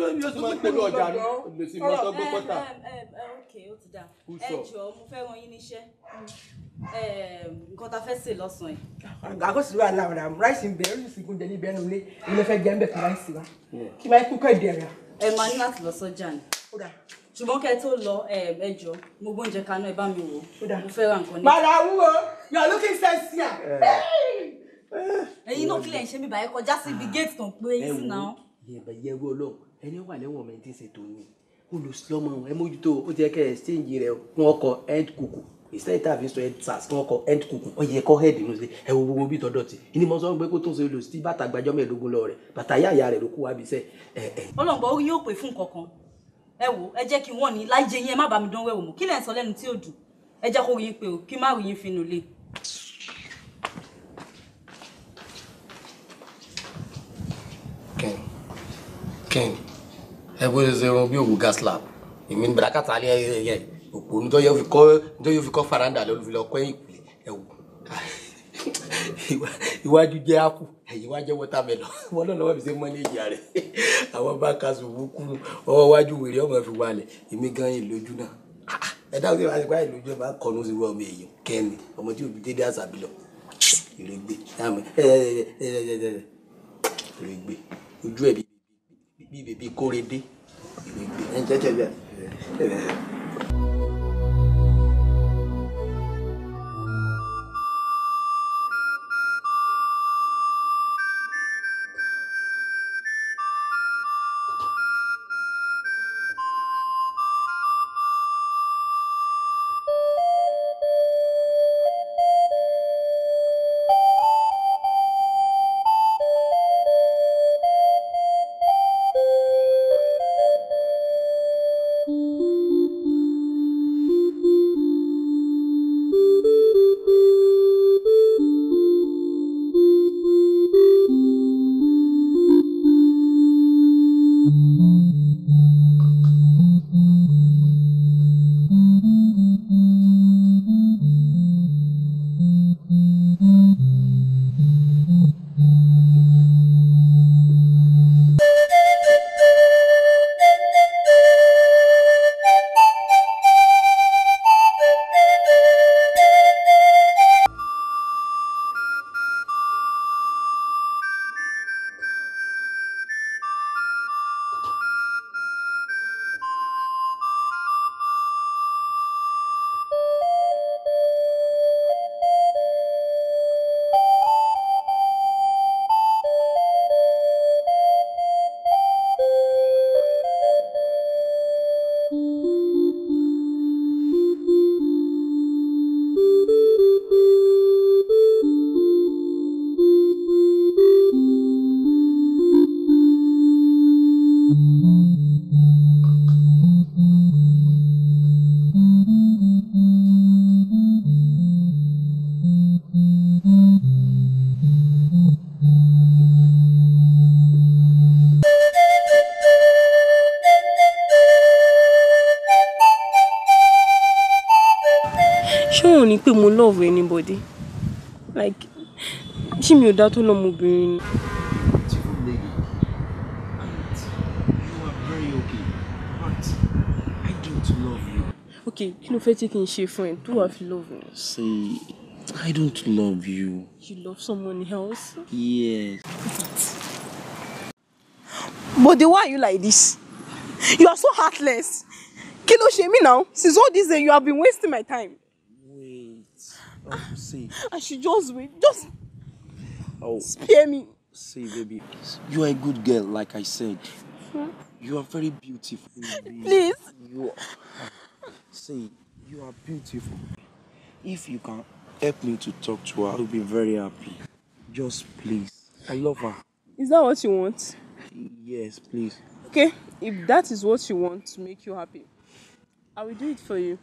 ni yóò nǹkan ta fẹ́ sè lọ́sàn-án yìí. àgọ́sí wa làwọn àmì ráìsì ń bẹ ẹ́ lùsì gún délé bẹ́ẹ̀ nulẹ̀ ilé fẹ́ jẹ́ ń bẹ̀ fún ráìsì wa kí máa kú kẹ́ẹ̀dẹ̀ rẹ̀. ẹ máa ní láti lọ sọ́jà ni ṣùgbọ́n kẹ́ ẹ tó lọ ẹ jọ mo gbóúnjẹ kaná ẹ bá mi wò mo fẹ́ ra nǹkan ní. màrà wúwo you are looking sexy à. Ah. Eh. ẹyin náà kílẹ̀ ń ṣe mi báyẹn kọjá sí ibi géètì tó ń pé yín sí náà. yẹ wo Ọlọ́run ẹni wà lẹ́wọ̀n mẹ́tí ṣètò ni olùsílọ́mọ ẹ mójútó ó ti yẹ kẹ́ ẹ ṣéǹjì rẹ̀ fún ọkọ̀ ẹ̀ kùkù ìsẹ́yìn tá a fi sọ ẹ sars kí wọ́n kọ end kùkù ọ yẹ kọ́ head nù sí ẹ wo gbogbo bí tọ́dọ̀ tì ní mo sọ pé kó tó ń ṣe lò sí bàtà gbàjọ́ mẹ́ẹ̀ẹ́dógún lọ rẹ̀ bàtà yá àyà rẹ̀ ló kó wá bí sẹ́ ẹ ẹ. ọlọ́ngbọ́n orí yóò pè fún kankan ẹ wo ẹ jẹ́ kí wọ́n ní láìjẹ yín ẹ má bá mi dánwò mọ́ kí lẹ́ ń sọ lẹ́nu tí ò dùn ẹ jẹ́ kó rí yín pé o kí má rí yín finú lé. ken ken ẹ bó ṣe ṣe irun bí òwú gas lab èmi ní bàdákàtà alẹ́ yẹn òpó nítorí yóò fi kọ́ nítorí yóò fi kọ́ faranda ló fi lọ kọ́ ìpìlẹ̀ ẹ wò *laughs* iwájú jẹ́ apple ẹ̀yìn wá jẹ́ watermelon *laughs* wọn náà lọ́wọ́ fi ṣe mọ́nẹ́jì rẹ̀ *laughs* àwọn bá ka sùn wúkú ọwọ́ wájú wèrè ọmọ fi wálẹ̀ èmi gan yìí lójú náà ah, ẹ dáhùn sí ìwádìí báyìí lójú ẹ bá kọ́ lóṣù wọ́n mi èyí kẹ́ni ọmọ tí òbí dédé àṣàbí lọ ìrègbè ìrègbè ojú ẹ bí bèbí kórede ìrègbè ẹ ń tẹ́tẹ́ bẹ́ẹ̀. love anybody like she mi ò dá tó lọ́mọbìnrin ni. okay kí ló fẹ́ tí kì í ṣe fún ẹ tó wàá fi love me. say i don't love you. you love someone else. yes. but then why are you like this you are so heartless kí ló ṣe mí now since all this day you have been wasting my time. Oh, see. I should just wait. Just oh. spare me. See, baby, you are a good girl, like I said. Hmm? You are very beautiful. Baby. Please. You are. See, you are beautiful. If you can help me to talk to her, I'll be very happy. Just please. I love her. Is that what you want? Yes, please. Okay, if that is what you want to make you happy, I will do it for you.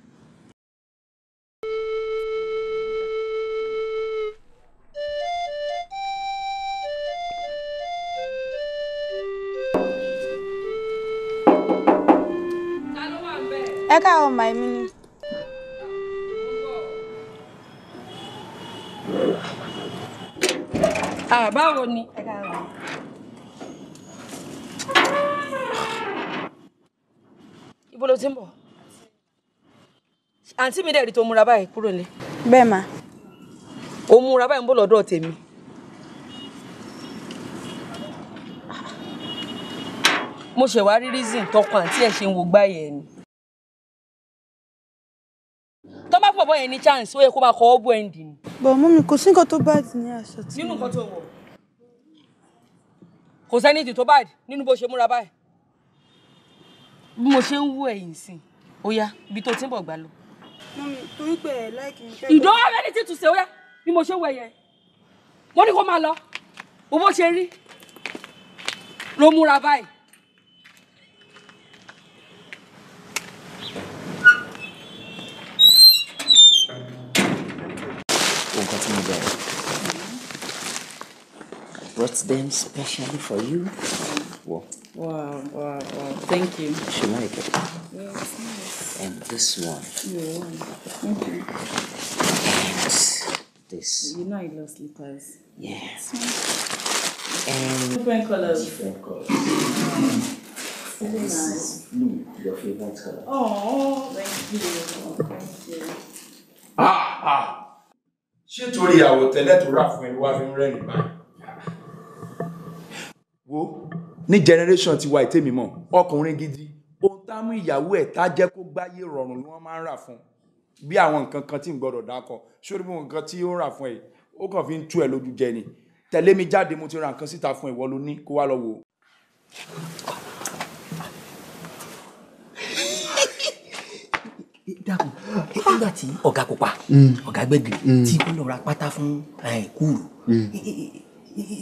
káwọn màá mi ni. báwo ni. ibo ló ti ń bọ̀ àǹtí mi dẹ̀ rí tó múra báyìí kúrò nílé. bẹ́ẹ̀ ma. ó múra báyìí ń bọ̀ lọ́dọ̀ tèmi. mo ṣèwárí reason tọkàn àti ẹ̀ ṣe ń wo gbáyẹ̀ ni. bọ̀bọ̀ yẹn ní chance ó yẹ kó máa kọ́ ọ́bù ẹ̀ ń dì ní. bọ̀ mú mi kò sí nǹkan tó bad ní aṣọ tí. nínú nǹkan tó wọ̀ kò sẹ́ni tó bad nínú bó ṣe múra báyìí bí mo ṣe ń wú ẹ̀yìn sí ó yá ibi tó ti ń bọ̀ gbà lọ. mọ́mí torí pé ẹ̀ láìkí ń fẹ́. ìdánwò rẹ̀ ní títù ṣe ó yá bí mo ṣe wọ ẹ̀yẹ mo ní kó máa lọ owó ṣe rí ló múra báyìí That's my bag. I brought them specially for you. Wow. Wow, wow, wow. Thank you. She like it. Yes, nice. And this one. Yeah, one. Thank you. And this. You know I love slippers. Yeah. And different colors. Different colors. This is Blue, your favorite color. Oh, thank you. Oh, thank you. ṣé torí àwọ̀tẹ́lẹ̀ tó rà fún ẹni wá fi ń rẹ́rìn báyìí. wo ní generation tiwa ìtẹ́mi mọ̀ ọkùnrin gidi ohun táwọn ìyàwó ẹ̀ tá jẹ́ kó gbáyé rọrùn ni wọ́n máa ń rà fún bí àwọn nǹkan kan tí ń gbọ́dọ̀ dákọ̀ sórí bí nǹkan tí ó rà fún ẹ̀ ó kàn fi ń tú ẹ̀ lójú jẹ ni tẹ̀lé mi jáde mo ti ra nǹkan síta fún ìwọ ló ní kó wá lọ wò ó. dàpọ̀ nígbà tí ọ̀gá pupa ọ̀gá gbẹ̀gìrì tí ó lọ ra pátá fún kúrú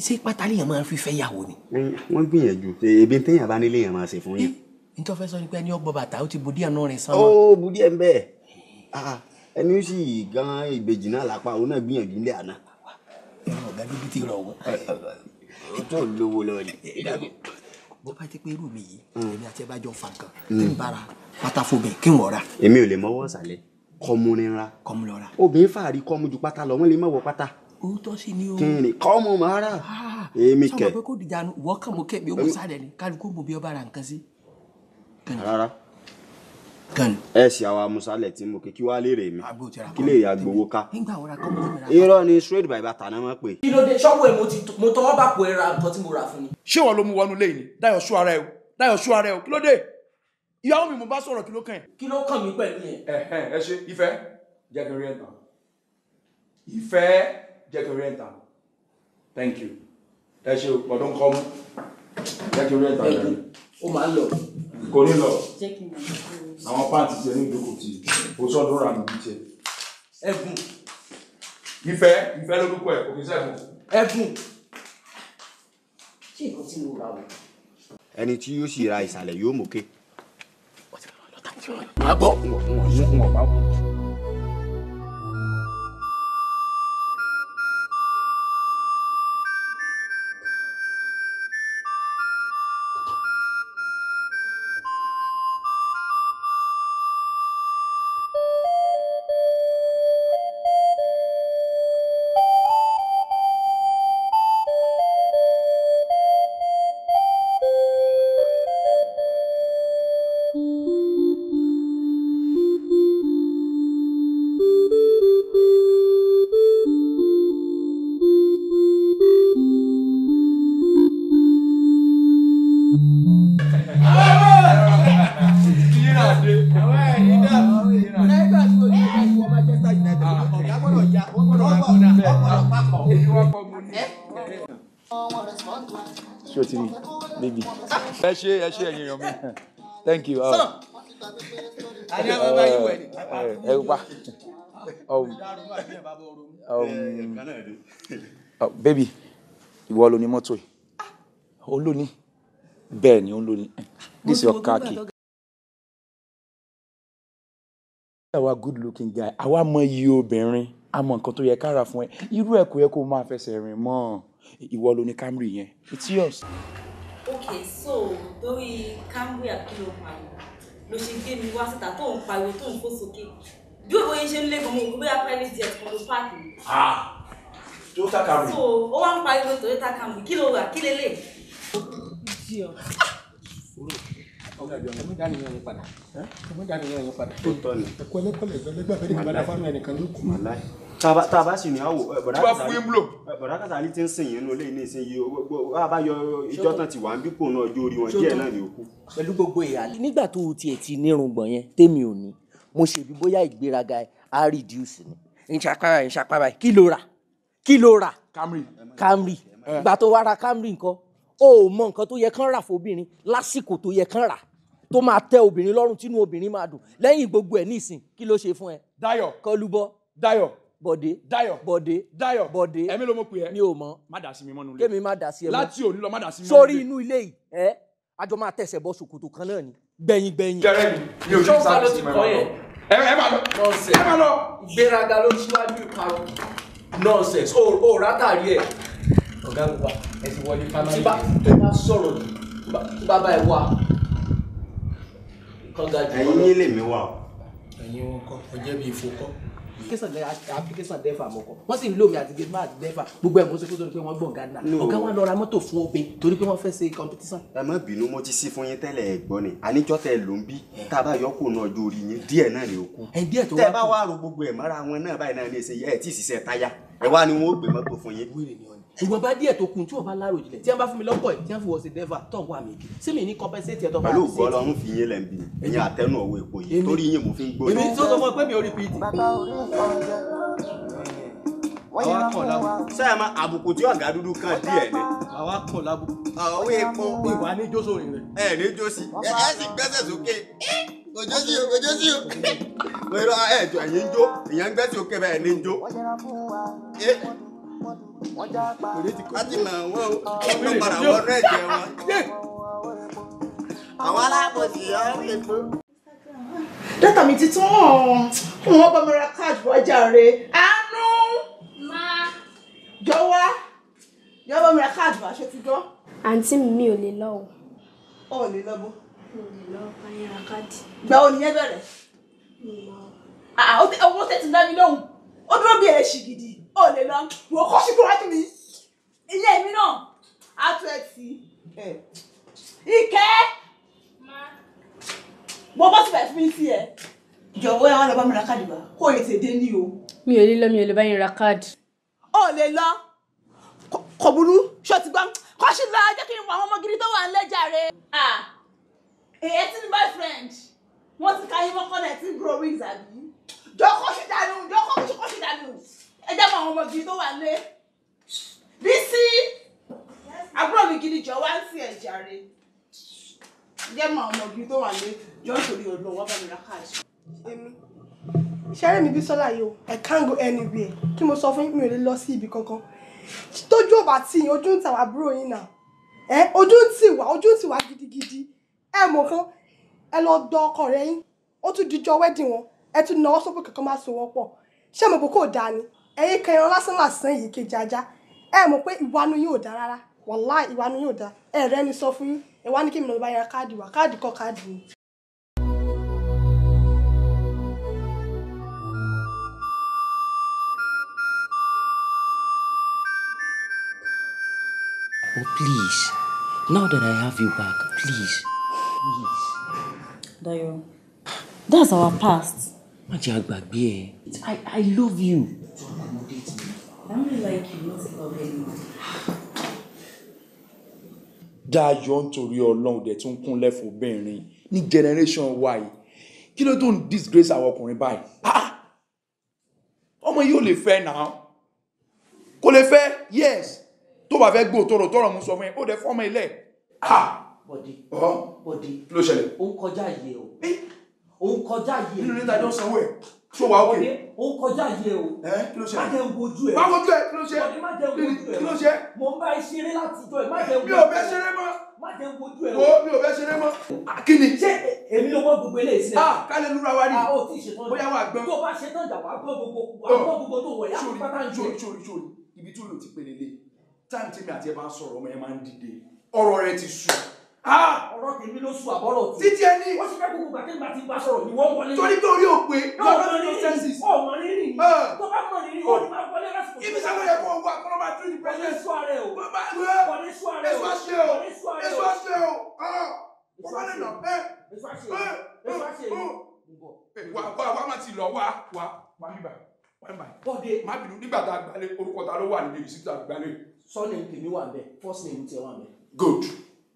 ṣé pátá lèèyàn máa fi fẹ́ yàwó ni. wọ́n gbìyànjú ebi téèyàn bá nílé yẹn máa ṣe fún yín. nítorí fẹ́ sọ ni pé ẹni ọgbọ́n bàtà ó ti bu díẹ̀ náà rìn sánmọ́. ó bu díẹ̀ ń bẹ́ẹ̀ ẹni ó sì gan ìbejì náà lápá òun náà gbìyànjú ilé àná. ọ̀gá bíbí ti rọ̀ wọ́n. ó tó lówó lọ bó bá jẹ́ pé irú mi yìí mm. èmi àti ẹ bá jọ fa nǹkan tí mm. n bára pátá fòbẹ̀ kí n wọ̀ ra. èmi ò lè mọ́wọ́ ọ̀sàlẹ̀ kọ́mú ni ra kọ́mú lọ ra obìnrin fàárí kọ́mú ju pátá lọ wọ́n lè mọ̀wọ́ pátá. òótọ́ sí ni o kí ni kọ́mú máa rà èmi kẹ. sọ ma pé kó dìjà wọ́n kàn mọ́ ó mú sálẹ̀ ni kálukú mú bí ọ bá ra nǹkan sí. rárá gan ni. ẹ sì àwa musalẹ tí mo kí kí wàá léèrè mi kí lè yà gbowó ká. irọ́ ni straight by bàtà náà mọ̀ pé. kí ló dé ṣọ́wọ́ ẹ̀ mo tọwọ́ bá po ẹ̀ra nǹkan tí mo rà fún ni. ṣé wọn ló mú wọnú lẹ́yìn ni Dayọ̀ sú ara ẹ o Dayọ̀ sú ara ẹ o kí ló dé ìyàwó mi mo bá sọ̀rọ̀ kí ló kàn ẹ́. kí ló kàn mí pẹ̀lú yẹn. ẹ ṣe ìfẹ́ jẹ́ ẹ̀ tán ìfẹ́ jẹ́ ẹ̀ tán thank you ẹ ṣe ọdún kọ́ jẹ́ kí orí ẹ̀ta rẹ̀ ó máa ń lọ. kò ní lọ àwọn pàǹtí tiẹ̀ ní ìjókòó tí o sọ́dún rà níbi tiẹ̀. ẹ̀bùn. ìfẹ́ ìfẹ́ lórúkọ ẹ̀ kò kì sẹ́gun. ẹ̀bùn. ṣé nǹkan tí mo rà o. ẹni tí yóò sì ra ìsàlẹ̀ yóò mókè. wọ́n ti fẹ́ lọ́ọ́ lọ́ọ́ tàbí ọ̀rọ̀. má gbọ́. n ò pa ọ́. ṣe ẹ ṣe ẹ̀yin èèyàn thank you. Oh, àní àwọn ọba yìí wẹ̀ ni. ẹ wá um, um, um, bébì ìwọ ló ní mọ́tò yìí ó ló ní bẹ́ẹ̀ ni ó ló ní this your car key. àwa good looking guy àwa mọ iye obìnrin a mọ nǹkan tó yẹ kára fún ẹ irú ẹ kò yẹ kó máa fẹsẹ̀ rìn mọ́ ìwọ ló ní Camry yẹn it's yours okay so torí cambria kí ló pariwo ló ṣe gbé mi wá síta tó ń pariwo tó ń fò sókè bí òbó yẹn ṣe ń lé gbọmọ òkú bóyá private jet kan ló páàkì. Ah, Toyota Camry. so ó wá ń pariwo Toyota Camry kí ló rà kí lélẹ̀. Ọmọdé àníyàn yẹn padà. Tó tọ́ ni. Ẹ̀kọ́ ẹlẹ́kọ̀ọ́ lẹ́gbẹ̀ẹ́ lẹ́gbẹ̀ẹ́ fáwọn ẹnìkan ló kù tàbá tàbá sì ní àwò eh, bọ̀dá kàtàlí eh, ti ń sìn yín nù lẹ́yìn nísìnyí wà bá yọ ìjọ tán ti wà ń bí kò náà jó orí wọn díẹ̀ náà ni o kú. pẹ̀lú gbogbo ìhàlẹ̀. nígbà tó o tiẹ̀ ti nírùngbọ̀n yẹn tèmi ò ní mo ṣèbí bóyá ìgbéraga ẹ̀ á reduce ni. ìṣàpára ìṣàpára kí ló rà kí ló rà Camry Camry eh. ìgbà tó wá ra Camry nǹkan o ò mọ nǹkan tó yẹ kán rà fóbìnrin lásìkò tó yẹ kán rà tó máa tẹ obìnrin lọ́rùn tínú obìnrin máa dùn lẹ́yìn gbogbo ẹ̀ nísìn kí ló ṣe fún ẹ. Dayọ̀ kọlubọ. Dayọ̀ bọ̀dé. dayọ̀ bọ̀dé. dayọ̀ bọ̀dé. ẹ̀mí ló mọ̀ pé ẹ. mi ò mọ̀. má dà sí mi mọ́nu ilé. kémi má dà sí ẹ mọ́. láti òní lọ má dà sí mi mọ́nu ilé. sórí inú ilé yìí ẹ àjọ máa tẹ̀sẹ̀ bọ ṣòkòtò kan náà ni. gbẹ̀yìn gbẹ̀yìn. jẹrẹ mi mi ò ní sáà ló ti kọ yẹn. ẹ má lọ. nọ́ọ̀sẹ̀ ẹ má lọ. ìgbéraga ló ṣíwájú ìparun. nọ́ọ̀sẹ̀ o rátàrí ẹ̀. ọ̀gá mi wá ẹ ti wọlé fámálì. tí bá sọ̀rọ̀ yìí tí bá bá ẹ wá. ẹyin ilé mi wà. ẹyin wọn kọ ọjẹ bíi ìfowópamọ́ application lẹ application dẹ́fà mọ́kọ wọ́n sì ń lò mí àti gate man àti dẹ́fà gbogbo ẹ̀ mo sọ́kó torí pé wọ́n gbọ̀n gánà ọ̀gá wa lọ ra mọ́tò fún obìn torí pé wọ́n fẹ́ ṣe competition. ẹ má bínú mo ti sí fún yín tẹ́lẹ̀ ẹ ni àníjọ́ tẹ ló ń bí tá a bá yọ kó náà ju orí yín díẹ̀ náà ni ó kú. ẹ díẹ̀ tó wá kú tẹ bá wá ro gbogbo ẹ̀ mọ́ra wọn náà báyìí náà ní ṣùgbọ́n bá díẹ̀ tó kun tí wọ́n bá lárò jìnlẹ̀ tí wọ́n bá fún mi lọ́pọ̀ ẹ̀ tí wọ́n fi wọ́n sí dẹ́fà tó ń wà mí kí sẹ́mi ní compensate ẹ̀ tó bá ṣe. pẹ̀lú òkú ọlọ́run fi yín lẹ́ǹbì ẹ̀yin àtẹnu ọ̀wọ́ èpo yìí torí yín mo fi ń gbóyè. èmi tó sọ fún ẹ pé mi ò rí pt. àwa kàn lábùkù. sẹ́yà máa àbùkù tí ọ̀gá dúdú kan díẹ̀ ni. àwa kàn lábùkù. àwọn èèpo ìwà ní jósò rìn rẹ̀. ní o ojú sí o pẹ̀lú ẹ̀jọ̀ ẹ̀yìn ń jó èèyàn ń gbẹ́sẹ̀ jó láti mọ̀ wọ́n ló padà wọ́n rẹ̀ jẹ́ wọn. àwọn alábòsí ọ̀hún èpo. dátà mi ti tún hàn kí wọ́n bá mi ra káàdì wájà rè àánú. jọ̀wọ́ jọ̀wọ́ bá mi ra káàdì wá ṣe ti gbọ́. àǹtí mi ò lè lọ o. ò lè lọ bó. mi ò lè lọ bá yẹn ra ah, káàdì. Ah, dá mi lóhùn ó dúró bí ẹ̀ ṣì gidi ò lè lọ wò kó sí kúrọ́jú mi ilé mi náà á tó ẹ tì í eh. ìkẹ́ mo bọ́ sí bẹ̀rẹ̀ fún mi sí ẹ jọ̀wọ́ ẹ wá lọ bá mi ra káàdì wá kó o lè tè dé ní o. mi ò lè lọ mi ò lè bá yín ra káàdì. ò lè lọ kò burú ṣó ti gbọ́ kọ́ sí lọ jẹ́ kí n mọ àwọn ọmọ gidi tó wà lẹ́jà rẹ. èyí tí ní boyfriend wọ́n ti ka yín mọ́kànlá ẹ̀ tí ń grow wings àbí. jọ kọ́ sí dànù jọ kọ́ sí kọ́ sí dànù ẹ jẹ́ àwọn ọmọ gidi tó wà lé Bísí àbúrò mi gidi jọ wá ń sìn ẹ̀ ẹ jẹ́ àwọn ọmọ gidi tó wà lé jọ nítorí ọ̀dọ̀ wọn bá mi ra káàdì. èmi ṣẹ́rẹ́ mi Bísọ́lá yìí o I can't go anywhere kí mo sọ fún mi ò lè lọ sí ibì kankan tójú ò bá tì yín ojú ń tàwa àbúrò yín náà ẹ ojú ń tì wá ojú ń tì wá gidigidi ẹ mọ̀ kan ẹ lọ dọ ọkọ rẹ yín ó tún dijọ́ wedding wọn ẹ tún náwó sọ́pọ̀ kankan má so wọ́pọ̀ ṣé mo bò kó dáa ni ẹ̀yin kan ẹran lásán lásán yìí kejì ajá ẹ mọ̀ pé ìwánu yóò dá rárá wàlá ìwánu yóò dá ẹ rẹ́ ni sọ fún yín ẹ wá ní kí mi lọ bá yẹra káàdì wá káàdì kọ́ káàdì ni. Oh, please. Now that I have you back, please. Please. Dayo, that's our past. má jẹ́ àgbàgbé ẹ I I love you. Dayọ̀ nítorí Ọlọ́run dẹ̀ tún kúnlẹ̀ fòbìnrin ní generation wa yìí kí ló tó ń disgrace àwọn ọkùnrin báyìí ọmọ yìí ò lè fẹ́ náà kò lè fẹ́ yes tó bá fẹ́ gbọ́ tọrọ tọrọ mú sọ fún ẹ ó dẹ̀ fọ́mọ ilẹ̀. bọ̀dé bọ̀dé ló ṣẹlẹ̀ ó ń kọjá yìí o. Eh? òun kọjá yìí. nínú níta ìjọ sanwó ẹ tó wà ókè. òun kọjá yìí o. ẹ kí ló ṣe. má jẹ́ wojú ẹ. má wojú ẹ kí ló ṣe. ọdún má jẹ́ wojú ẹ. kí ló ṣe. mo ń bá ẹ ṣeré láti jọ ẹ má jẹ́ wojú ẹ. mi ò bẹ ṣeré mọ́. má jẹ́ wojú ẹ. wo mi ò bẹ ṣeré mọ́. kí ni. ṣé èmi ló mọ gbogbo eléyìí sílẹ̀. ah kálẹ̀ lura wa ni. a ò tí ì ṣetán. bóyá wà gbọ́n. tó o bá ṣetán jà wà gbọ́ gbogbo wà oh. gbọ́ gbogbo tó wọ̀ yá pátá ń jọ ọ̀rọ̀ tèmi ló sùn àbọ̀rọ̀ tí. títí ẹni. ó sì fẹ́ gbogbo gbàtẹ́gbà tí bá sọ̀rọ̀ ni wọ́n wọlé. torí pé orí òpè lọ́dọ̀ ní senses. ó mọ rírì ni tó bá mọ rírì ó ní máa wọlé lásìkò. ibi sábà yẹ kó o wá kọ́nọ́ máa tún ní pẹ́sẹ̀. wọlé suwárẹ̀ o wọlé suwárẹ̀ o wọlé suwárẹ̀ o ah! wọlé suwárẹ̀ o wa wa wa ma ti lọ wa wa wa bíbà wa bíbà. bọ́dé. má bínú nígbà tá a gbalẹ̀ orúkọ ta ló wà níbi ìsìtà gbalẹ̀. sọ́ni tèmi wà bẹ́ẹ̀ first name tiẹ̀ wà bẹ́ẹ̀. good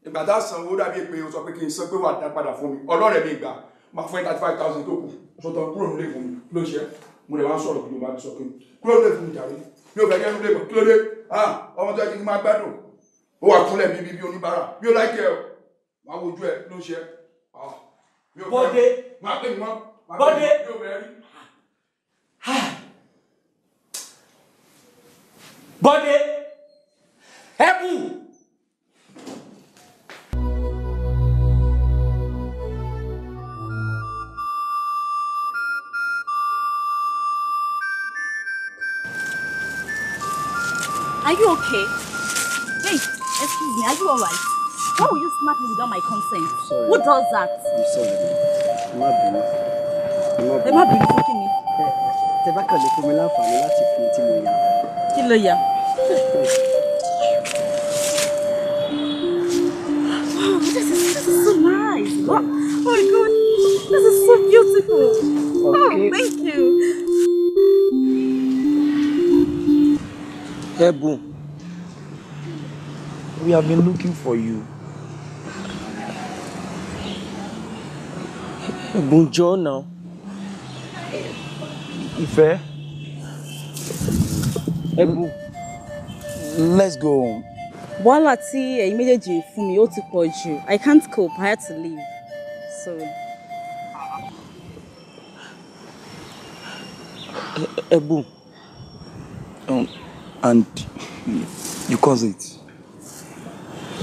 ìgbà tá a san owó dàbí pé o sọ pé kí n san pé wà dá padà fún mi ọlọ́rẹ̀ mi gbà máa fún ẹ thirty five thousand tó kù sọ́tọ̀ kúrò nílé fún mi ló ṣe mo lè wá sọ̀rọ̀ kí ló bá mi sọ pé kúrò nílé fún mi jàre mi ò fẹ́ kẹ́ nílé mọ̀ kí ló dé ọmọ tó yẹ kí n máa gbádùn ó wà kúnlẹ̀ bíbí bí oníbàárà mi ò láìkẹ́ ọ máa wojú ẹ ló ṣe bọ́dé máa pè mọ́ bọ́dé bọ́dé ẹ̀bùn. Are you okay? Hey, excuse me, are you alright? Why will you smack me without my consent? Sorry. Who does that? I'm sorry. Má bínú. Ẹ má bínú fún kí ni? Tẹ bá kàn lè fún mi láǹfààní láti fi tí mo yà. Kí ló yà? Wow, oh, this is, so nice. Wow. Oh, oh my God, this is so beautiful. Okay. Oh, thank you. Kẹ́bùn. We have been looking for you. Ẹ̀bùn jọ náà. Ìfẹ́. Ẹ̀bùn. Let's go home. Wàhálà tí ẹ̀yin méjèèjì fún mi ó ti pọ̀ jù. I can't cope. I had to leave. So. Ẹ̀bùn. Um, and you cause it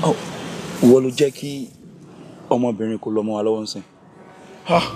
oh, ìwọ ló jẹ́ kí ọmọbìnrin kò lọ́mọ wa lọ́wọ́ ń sìn. Ah!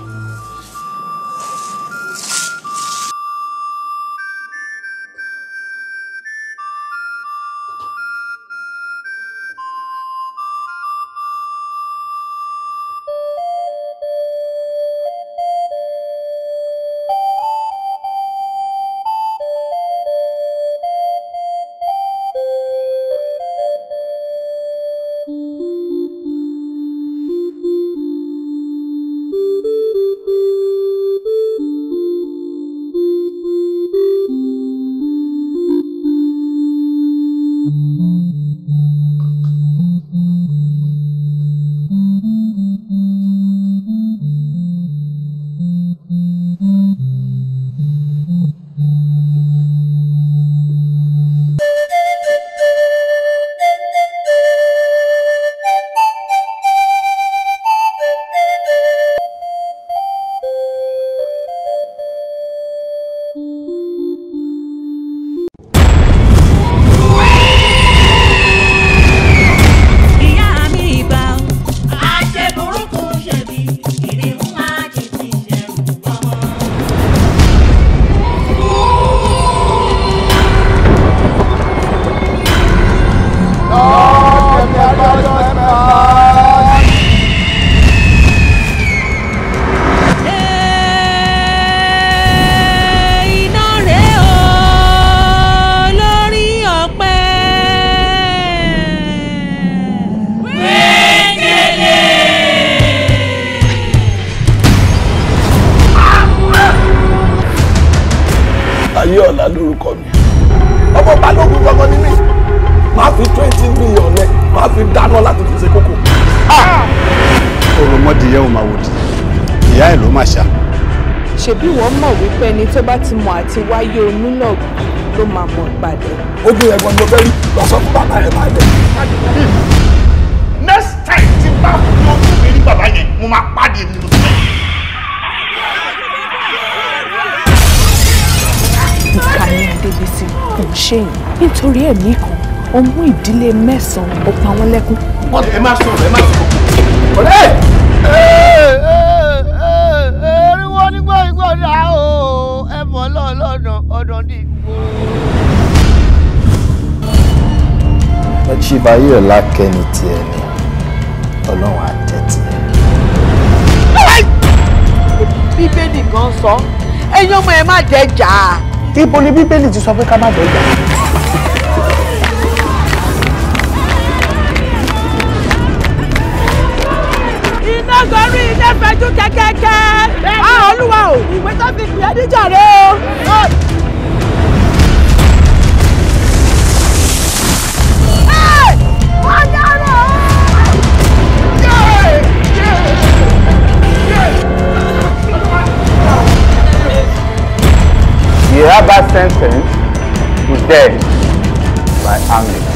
ẹni tó bá ti mọ̀ àti wáyé onínàbí ló máa mọ̀ ìpàdé. ogun ẹ̀gbọ́n ló bẹ́rí lọ́sọ̀ fún bàbá rẹ̀ máa dẹ̀. next time tí bá fún yóò fún mi ní bàbá yẹn mo máa pàdé mi lọ. ìkànnì adébísí kò ń ṣèyàn nítorí ẹ̀mí kan ó mú ìdílé mẹ́sàn-án ó pa wọ́n lẹ́kún. ẹ má sọ̀rọ̀ ẹ má sọ̀rọ̀ ọ̀rẹ́ ẹ̀. chief ayéọlá kẹni tiẹ ni ọlọ́run àtẹtì. bíbélì gan sọ ẹyin ọmọ ẹ má jẹ jà. ibo ni bíbélì ti sọ pé ká má jẹ jà. iná gorí iná fẹjú kẹkẹkẹ. a ah, olúwa o ìwé tó fi pè é rẹ o. have Rabat sentence to death by hanging.